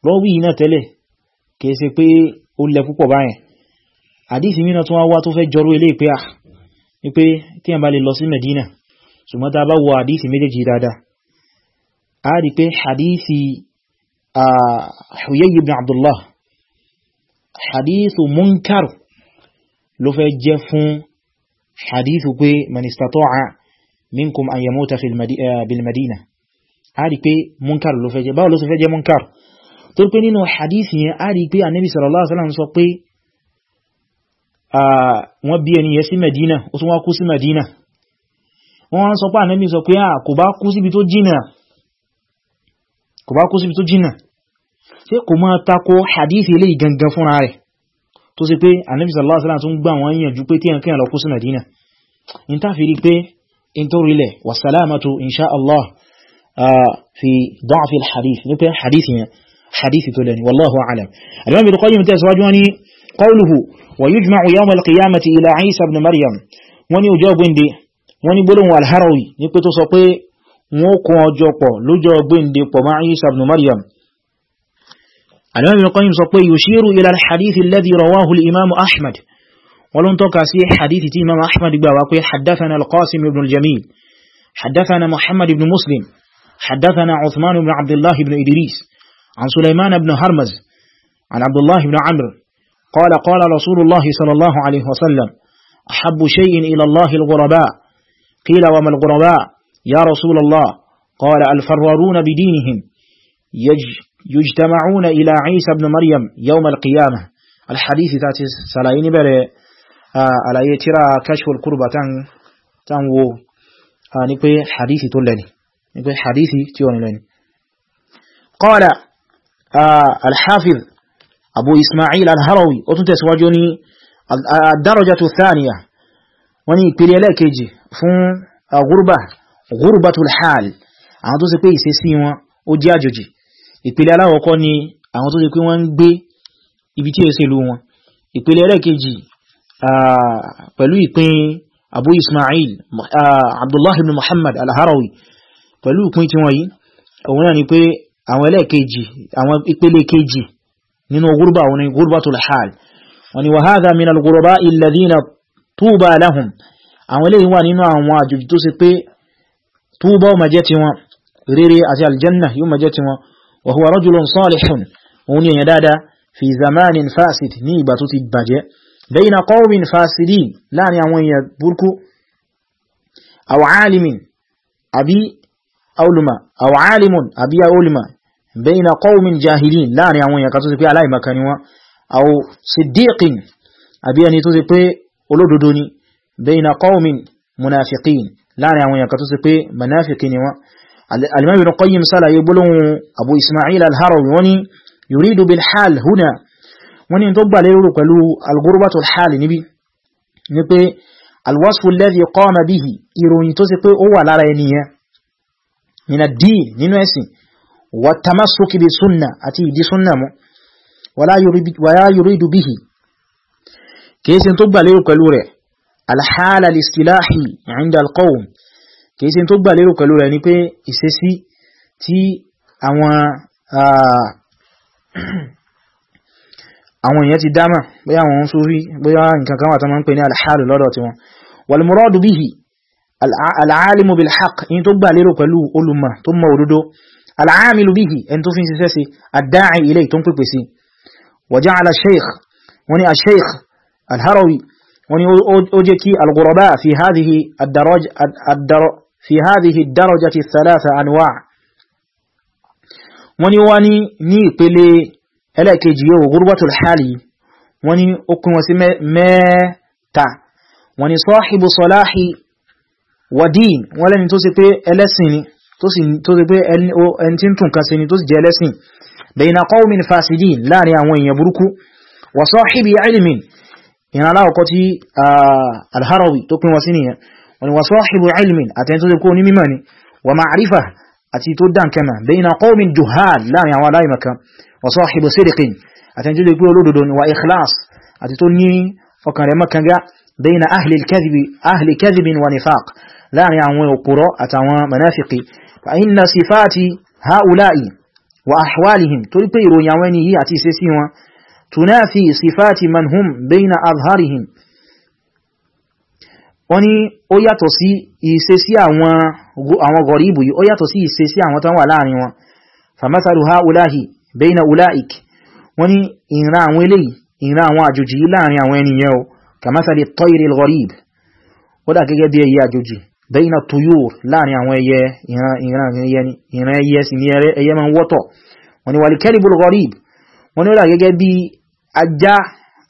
rọ́wí iná tẹ́lẹ̀ kìí ṣe pé ó lẹ púpọ̀ báyẹn àdísì mìíràn tó wá tó fẹ́ jọrọ ilé pé à ah, ní tí a bá lè lọ sí Medina ṣùgbọ́n ta wọ àdísì méjèèjì dáadáa minkum an yamuta eh, bil madina a rí pé munkar ló fẹ́ jẹ́ báwo ló sì fẹ́ jẹ́ munkar tó pé nínú hadith yẹn a rí pé anabi sallallahu alaihi wasallam sọ pé ah, wọ́n bí ẹni yẹ sí medina ó tún wá kú sí medina wọ́n wá ń sọ pé anabi sọ pé ah, kò bá kú síbi tó jìnà kò bá kú síbi tó jìnà tí kò máa takò hadith ilé gangan fúnra rẹ̀ tó sì pé anabi sallallahu alaihi wasallam tún gbà wọ́n yànjú pé tí ẹnkẹ́yàn lọ kú sí medina in ta fi rí pé intorile wa salamatu insha Allah fi da'fi al-hadith nipe hadith yẹn hadith tó lẹ́ni wallahu a'lam al-imam ibn qayyim tazwaju wani qawluhu wa yujma'u yawm al-qiyamati ila isa ibn maryam wani ọjọ́ gbende wani bulun wal harawi ní pé tó sọ pé wọ́n kó ọjọ́ pọ̀ lọ́jọ́ gbende pọ̀ ولن تقاسي حديث إمام أحمد بواقي حدثنا القاسم بن الجميل حدثنا محمد بن مسلم حدثنا عثمان بن عبد الله بن إدريس عن سليمان بن هرمز عن عبد الله بن عمرو قال قال رسول الله صلى الله عليه وسلم أحب شيء إلى الله الغرباء قيل وما الغرباء يا رسول الله قال الفرارون بدينهم يجتمعون إلى عيسى بن مريم يوم القيامة الحديث ذات سلاين بريء Ah, àlàyé tíra kashful kurba tán wo ah, ní pé hadithi tó lẹ́ni ní pé hadithi tí wọ́n lẹ́ni qala ah, alhafiz abu ismail alharawi ó tún tẹ̀síwájú ní adarajatu thaniya wọ́n ní ìpele ẹlẹ́kejì fún gúrbà gúrbàtul hal àwọn tó ṣe pé ìṣesí wọn ó jẹ́ àjòjì ìpele aláwọ̀kọ́ ni àwọn tó ṣe pé wọ́n ń gbé ibi tí èsèlú wọn ìpele ẹlẹ́kejì pẹ̀lú ìpín abu ismail ah, abdullahi ibn muhammad al-harawi pẹ̀lú ìpín tí wọ́n yí òun náà ni pé àwọn ẹlẹ́ẹ̀kejì àwọn ìpele kejì nínú gúrbà wọn ni gurbatul hal wọn ni wa hadha min al-ghuraba alladhina tuba lahum àwọn eléyìí wà nínú àwọn àjòjì tó ṣe pé tuba ó máa jẹ́ ti wọn rere àti aljanna yóò máa ti wọn wa huwa rajulun salihun òun ni èèyàn dáadáa fi zamanin fasid ní ìgbà tó ti bàjẹ́ بين قوم فاسدين لا يعوين يبركو أو عالم أبي أولما أو عالم أبي أولما بين قوم جاهلين لا يعوين يكتوزي على مكانوا أو صديق أبي أن يتوزي olódodoni bayna qawmin munafiqin láàrin àwọn yankan tó sì pé munafiki ni wọ́n al-imam ibn qayyim sálàyé gbólóhùn abu ni yuridu bil wọ́n ní tó gbà lérò pẹ̀lú al-ghurbatul hali níbi ní pé al-wasfu alladhi qama bihi ìròyìn tó sì pé ó wà lára ẹniyàn nínú díì nínú ẹ̀sìn wa tamassuki bi sunna àti ìdí sunna mú wala yuridu bihi kèèsì tó gbà lérò pẹ̀lú kèèsì tó gbà lérò pẹ̀lú rẹ̀ ni <clears throat> àwọn èèyàn ti dámà bóyá wọn súfí bóyá nǹkan kan wà tó máa ń pè ní alhálù lọ́dọ̀ tí wọn wal muradu bihi al'alimu bil haq in tó gbà lérò pẹ̀lú olùmọ̀ tó mọ̀ òdodo al'amilu bihi ẹni tó fi ṣiṣẹ́ sí adda'i ilé tó ń pèpè sí wa ja'ala sheikh wani ẹlẹ́ẹ̀kejì yóò gúrúbọ̀tul hálì wọ́n ní ó kún wọn sí mẹ́ta wọ́n ní sọ́hìbù sọ́láhì wàdín wọ́n lẹ́ni tó sì pé ẹlẹ́sìn ni tó sì pé ẹni tí ń tún kan sí ni tó sì jẹ́ ẹlẹ́sìn bẹ̀yìnà qawmin fasidin láàrin àwọn èèyàn burúkú wà sọ́hìbì ilmin ìran aláwọ̀kọ́ tí alharawi tó pín wọn sí nìyẹn wọ́n ni wà sọ́hìbù ilmin àtẹni tó sì kó ní mímọ̀ ni wà ma'arifa àti tó dánkẹ́mà bẹ̀yìnà qawmin juhal láàrin àwọn aláìmọ̀kan وصاحب صدق أتنجد يقول لدودون وإخلاص أتتوني فكان رمكنغا بين أهل الكذب أهل كذب ونفاق لا يعوى قراء أتوى منافقي فإن صفات هؤلاء وأحوالهم تلقير يواني أتي سيسيوا تنافي صفات من هم بين أظهرهم wọ́n ní ó yàtọ̀ sí ìṣe sí àwọn gọ̀ríbù yìí ó yàtọ̀ sí ìṣe sí àwọn tán láàrin wọn fàmásàrù ha uláhì بين أولئك وني إنراء ولي إنراء واجوجي لاني يعويني يو كمثل الطير الغريب ولا كجدي جوجي بين الطيور لا أويني إنراء إنراء يعني إنراء يسمي من وطو وني والكلب الغريب وني ولا كجدي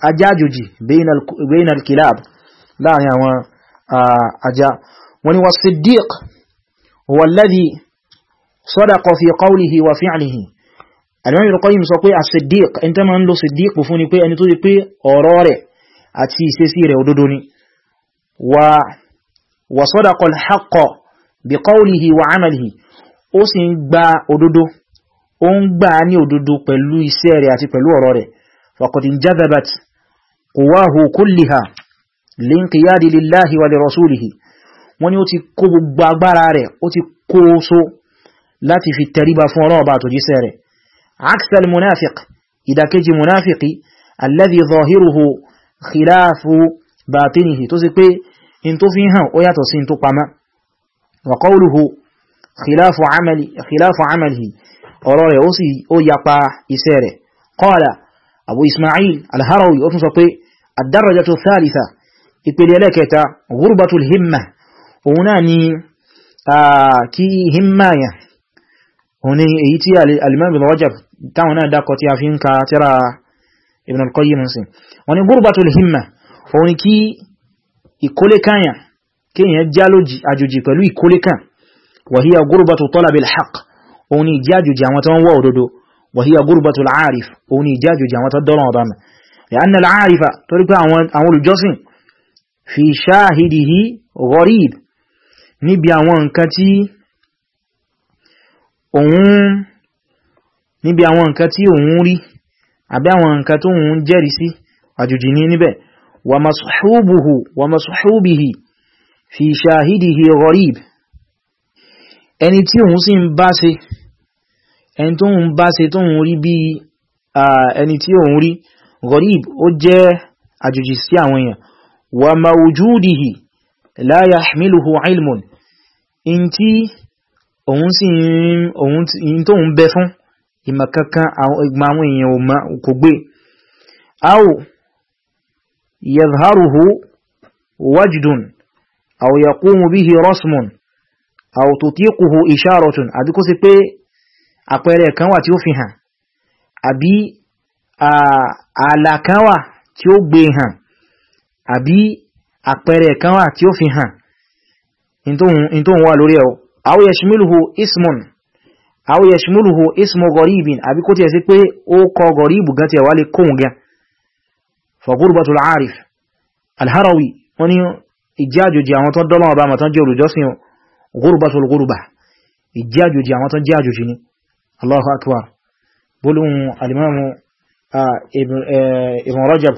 أجا جوجي بين ال... بين الكلاب لاني أوين آه، أجا وني والصديق هو الذي صدق في قوله وفعله Al-Imam Ibn Qayyim sọ pé as-Siddiq ẹni tẹ́ ma ń lo Siddiq fún ni pé ẹni tó yí pé ọ̀rọ̀ rẹ̀ àti ìṣesí rẹ̀ òdodo ni wa sadaqa al-haqqa bi qawlihi wa 'amalihi ó sì ń gba òdodo ó ń gbà ní òdodo pẹ̀lú iṣẹ́ rẹ̀ àti pẹ̀lú ọ̀rọ̀ rẹ̀ faqad láti fi tẹríba fún Ọlọ́run bá àtòjíṣẹ́ rẹ̀ عكس المنافق إذا كجي منافقي الذي ظاهره خلاف باطنه تسيبي انتو فيها وياتوسي انتو قاما وقوله خلاف عمل خلاف عمله أراري أوسي أو يقع إساره قال أبو إسماعيل الهروي أتنسطي الدرجة الثالثة إقبل لك غربة الهمة وناني آه كي هماية هنا إيتي الإمام بن رجب táwọn náà dákọ̀ tí a fi ń ka tíra Ibn al-Qayyim sí wọ́n ni gurbatul himma òun ni kí ìkólékányà kí èyàn já àjòjì pẹ̀lú ìkólékán wàhíyà gurbatu talabil haqq òun ni ìjá àjòjì àwọn tó ń wọ́ òdodo wàhíyà gurbatul arif òun ni ìjá níbi àwọn nǹkan tí òun rí àbí àwọn nǹkan tó òun jẹ́rìí sí àjòjì ní níbẹ̀ wa mashubuhu wa mashubihi fi shahidihi gharib ẹni tí òun sì ń bá ṣe ẹni tó ń bá ṣe tó ń rí bí ẹni tí òun rí gharib ó jẹ́ àjòjì sí àwọn èèyàn wa mawjudihi la yahmiluhu ilmun in tí òun sì ń bẹ fún ìmọ̀ kankan àwọn ìgbà àwọn èèyàn ò mọ̀ kò gbé aw yadharuhu wajdun aw yaqumu bihi rasmun aw tutiquhu isharatun àbí kó sí pé àpẹẹrẹ kan wà tí ó fi hàn àbí ààlà tí ó gbé hàn àbí àpẹẹrẹ kan wà tí ó fi hàn in wà lórí ẹ̀ àwọn yẹ̀ṣmúlùhù ismu gọ̀ríbìn àbí kó tí ẹ̀ sí pé ó kọ gọ̀ríbù gan tí ẹ̀wà lè kóhùn gan fọ̀gúrùbọ̀tù láàríf alharawi wọ́n ni ìjájòjì àwọn tán dọ́lọ́wọ́ bá mọ̀tán jẹ́ olùjọ́sìn gúrùbọ̀tù gúrùbà ìjájòjì àwọn tán jájòjì ni allahu akbar bólúhun e, alimamu ibn rajab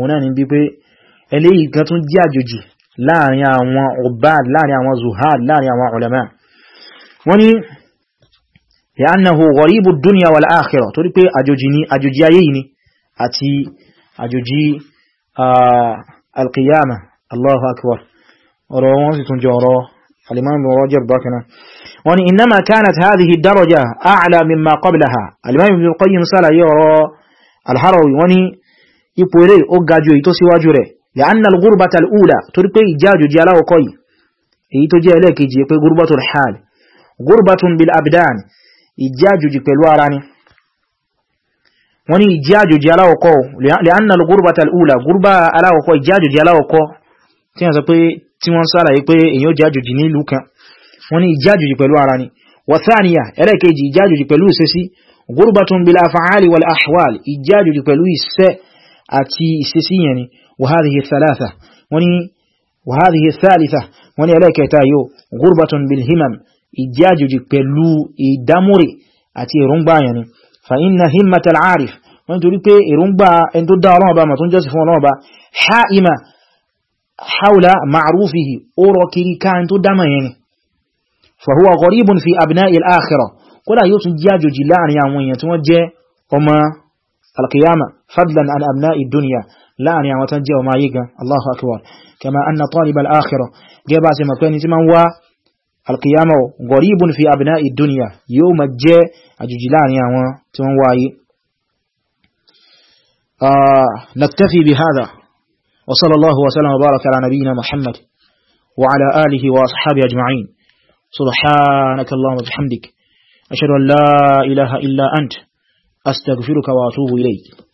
òun náà láàrin àwọn ubad láàrin àwọn zuhad láàrin àwọn ulama wọ́n ní li'annahu gharibu dunya wal akhirah torí pé àjòjì ni àjòjì ayé yìí ni àti àjòjì al-qiyamah Allahu akbar ọ̀rọ̀ wọn sì tún jẹ́ ọ̀rọ̀ al-imam ibn Rajab bákan náà wọ́n ní innama kanat hadhihi ad لأن الغربة الأولى تركي جاجو جالاو قوي إيه تجي لك جيكي غربة الحال غربة بالأبدان ìjáàjòjì pẹ̀lú ara ni wọ́n ní ìjáàjòjì aláwọ̀kọ́ lẹ́anà gúrbàtà al'ula gúrbà aláwọ̀kọ́ ìjáàjòjì aláwọ̀kọ́ tí wọ́n sọ pé tí wọ́n sálàyé pé èyí ó jáàjòjì ní ìlú kan wọ́n ní ìjáàjòjì pẹ̀lú ara ni wàtàníyà ẹlẹ́kẹ́jì ìjáàjòjì pẹ̀lú ìṣesí gúrbàtún bil af'ali wal ahwal ìjáàjòjì pẹ̀lú iṣẹ́ àti ìṣesí yẹn ni وهذه الثلاثة وني وهذه الثالثة وني عليك تايو غربة بالهمم إجاجج بلو إدامري أتي رنبا يعني فإن همة العارف وإن تريد إيه رنبا إن تدى رنبا ما تنجزف رنبا حائمة حول معروفه أوروكي كان تدى يعني فهو غريب في أبناء الآخرة قل أيوت إجاجج لا أن يعمون يتوجه وما القيامة فضلا عن أبناء الدنيا لا أن يعمتن جيو مايقا الله أكبر كما أن طالب الآخرة جيبا سمكين زمان القيامه غريب في أبناء الدنيا يوم جي أججلان يعمو تمان واي آه، نكتفي بهذا وصلى الله وسلم وبارك على نبينا محمد وعلى آله وأصحابه أجمعين سبحانك اللهم وبحمدك أشهد أن لا إله إلا أنت أستغفرك وأتوب إليك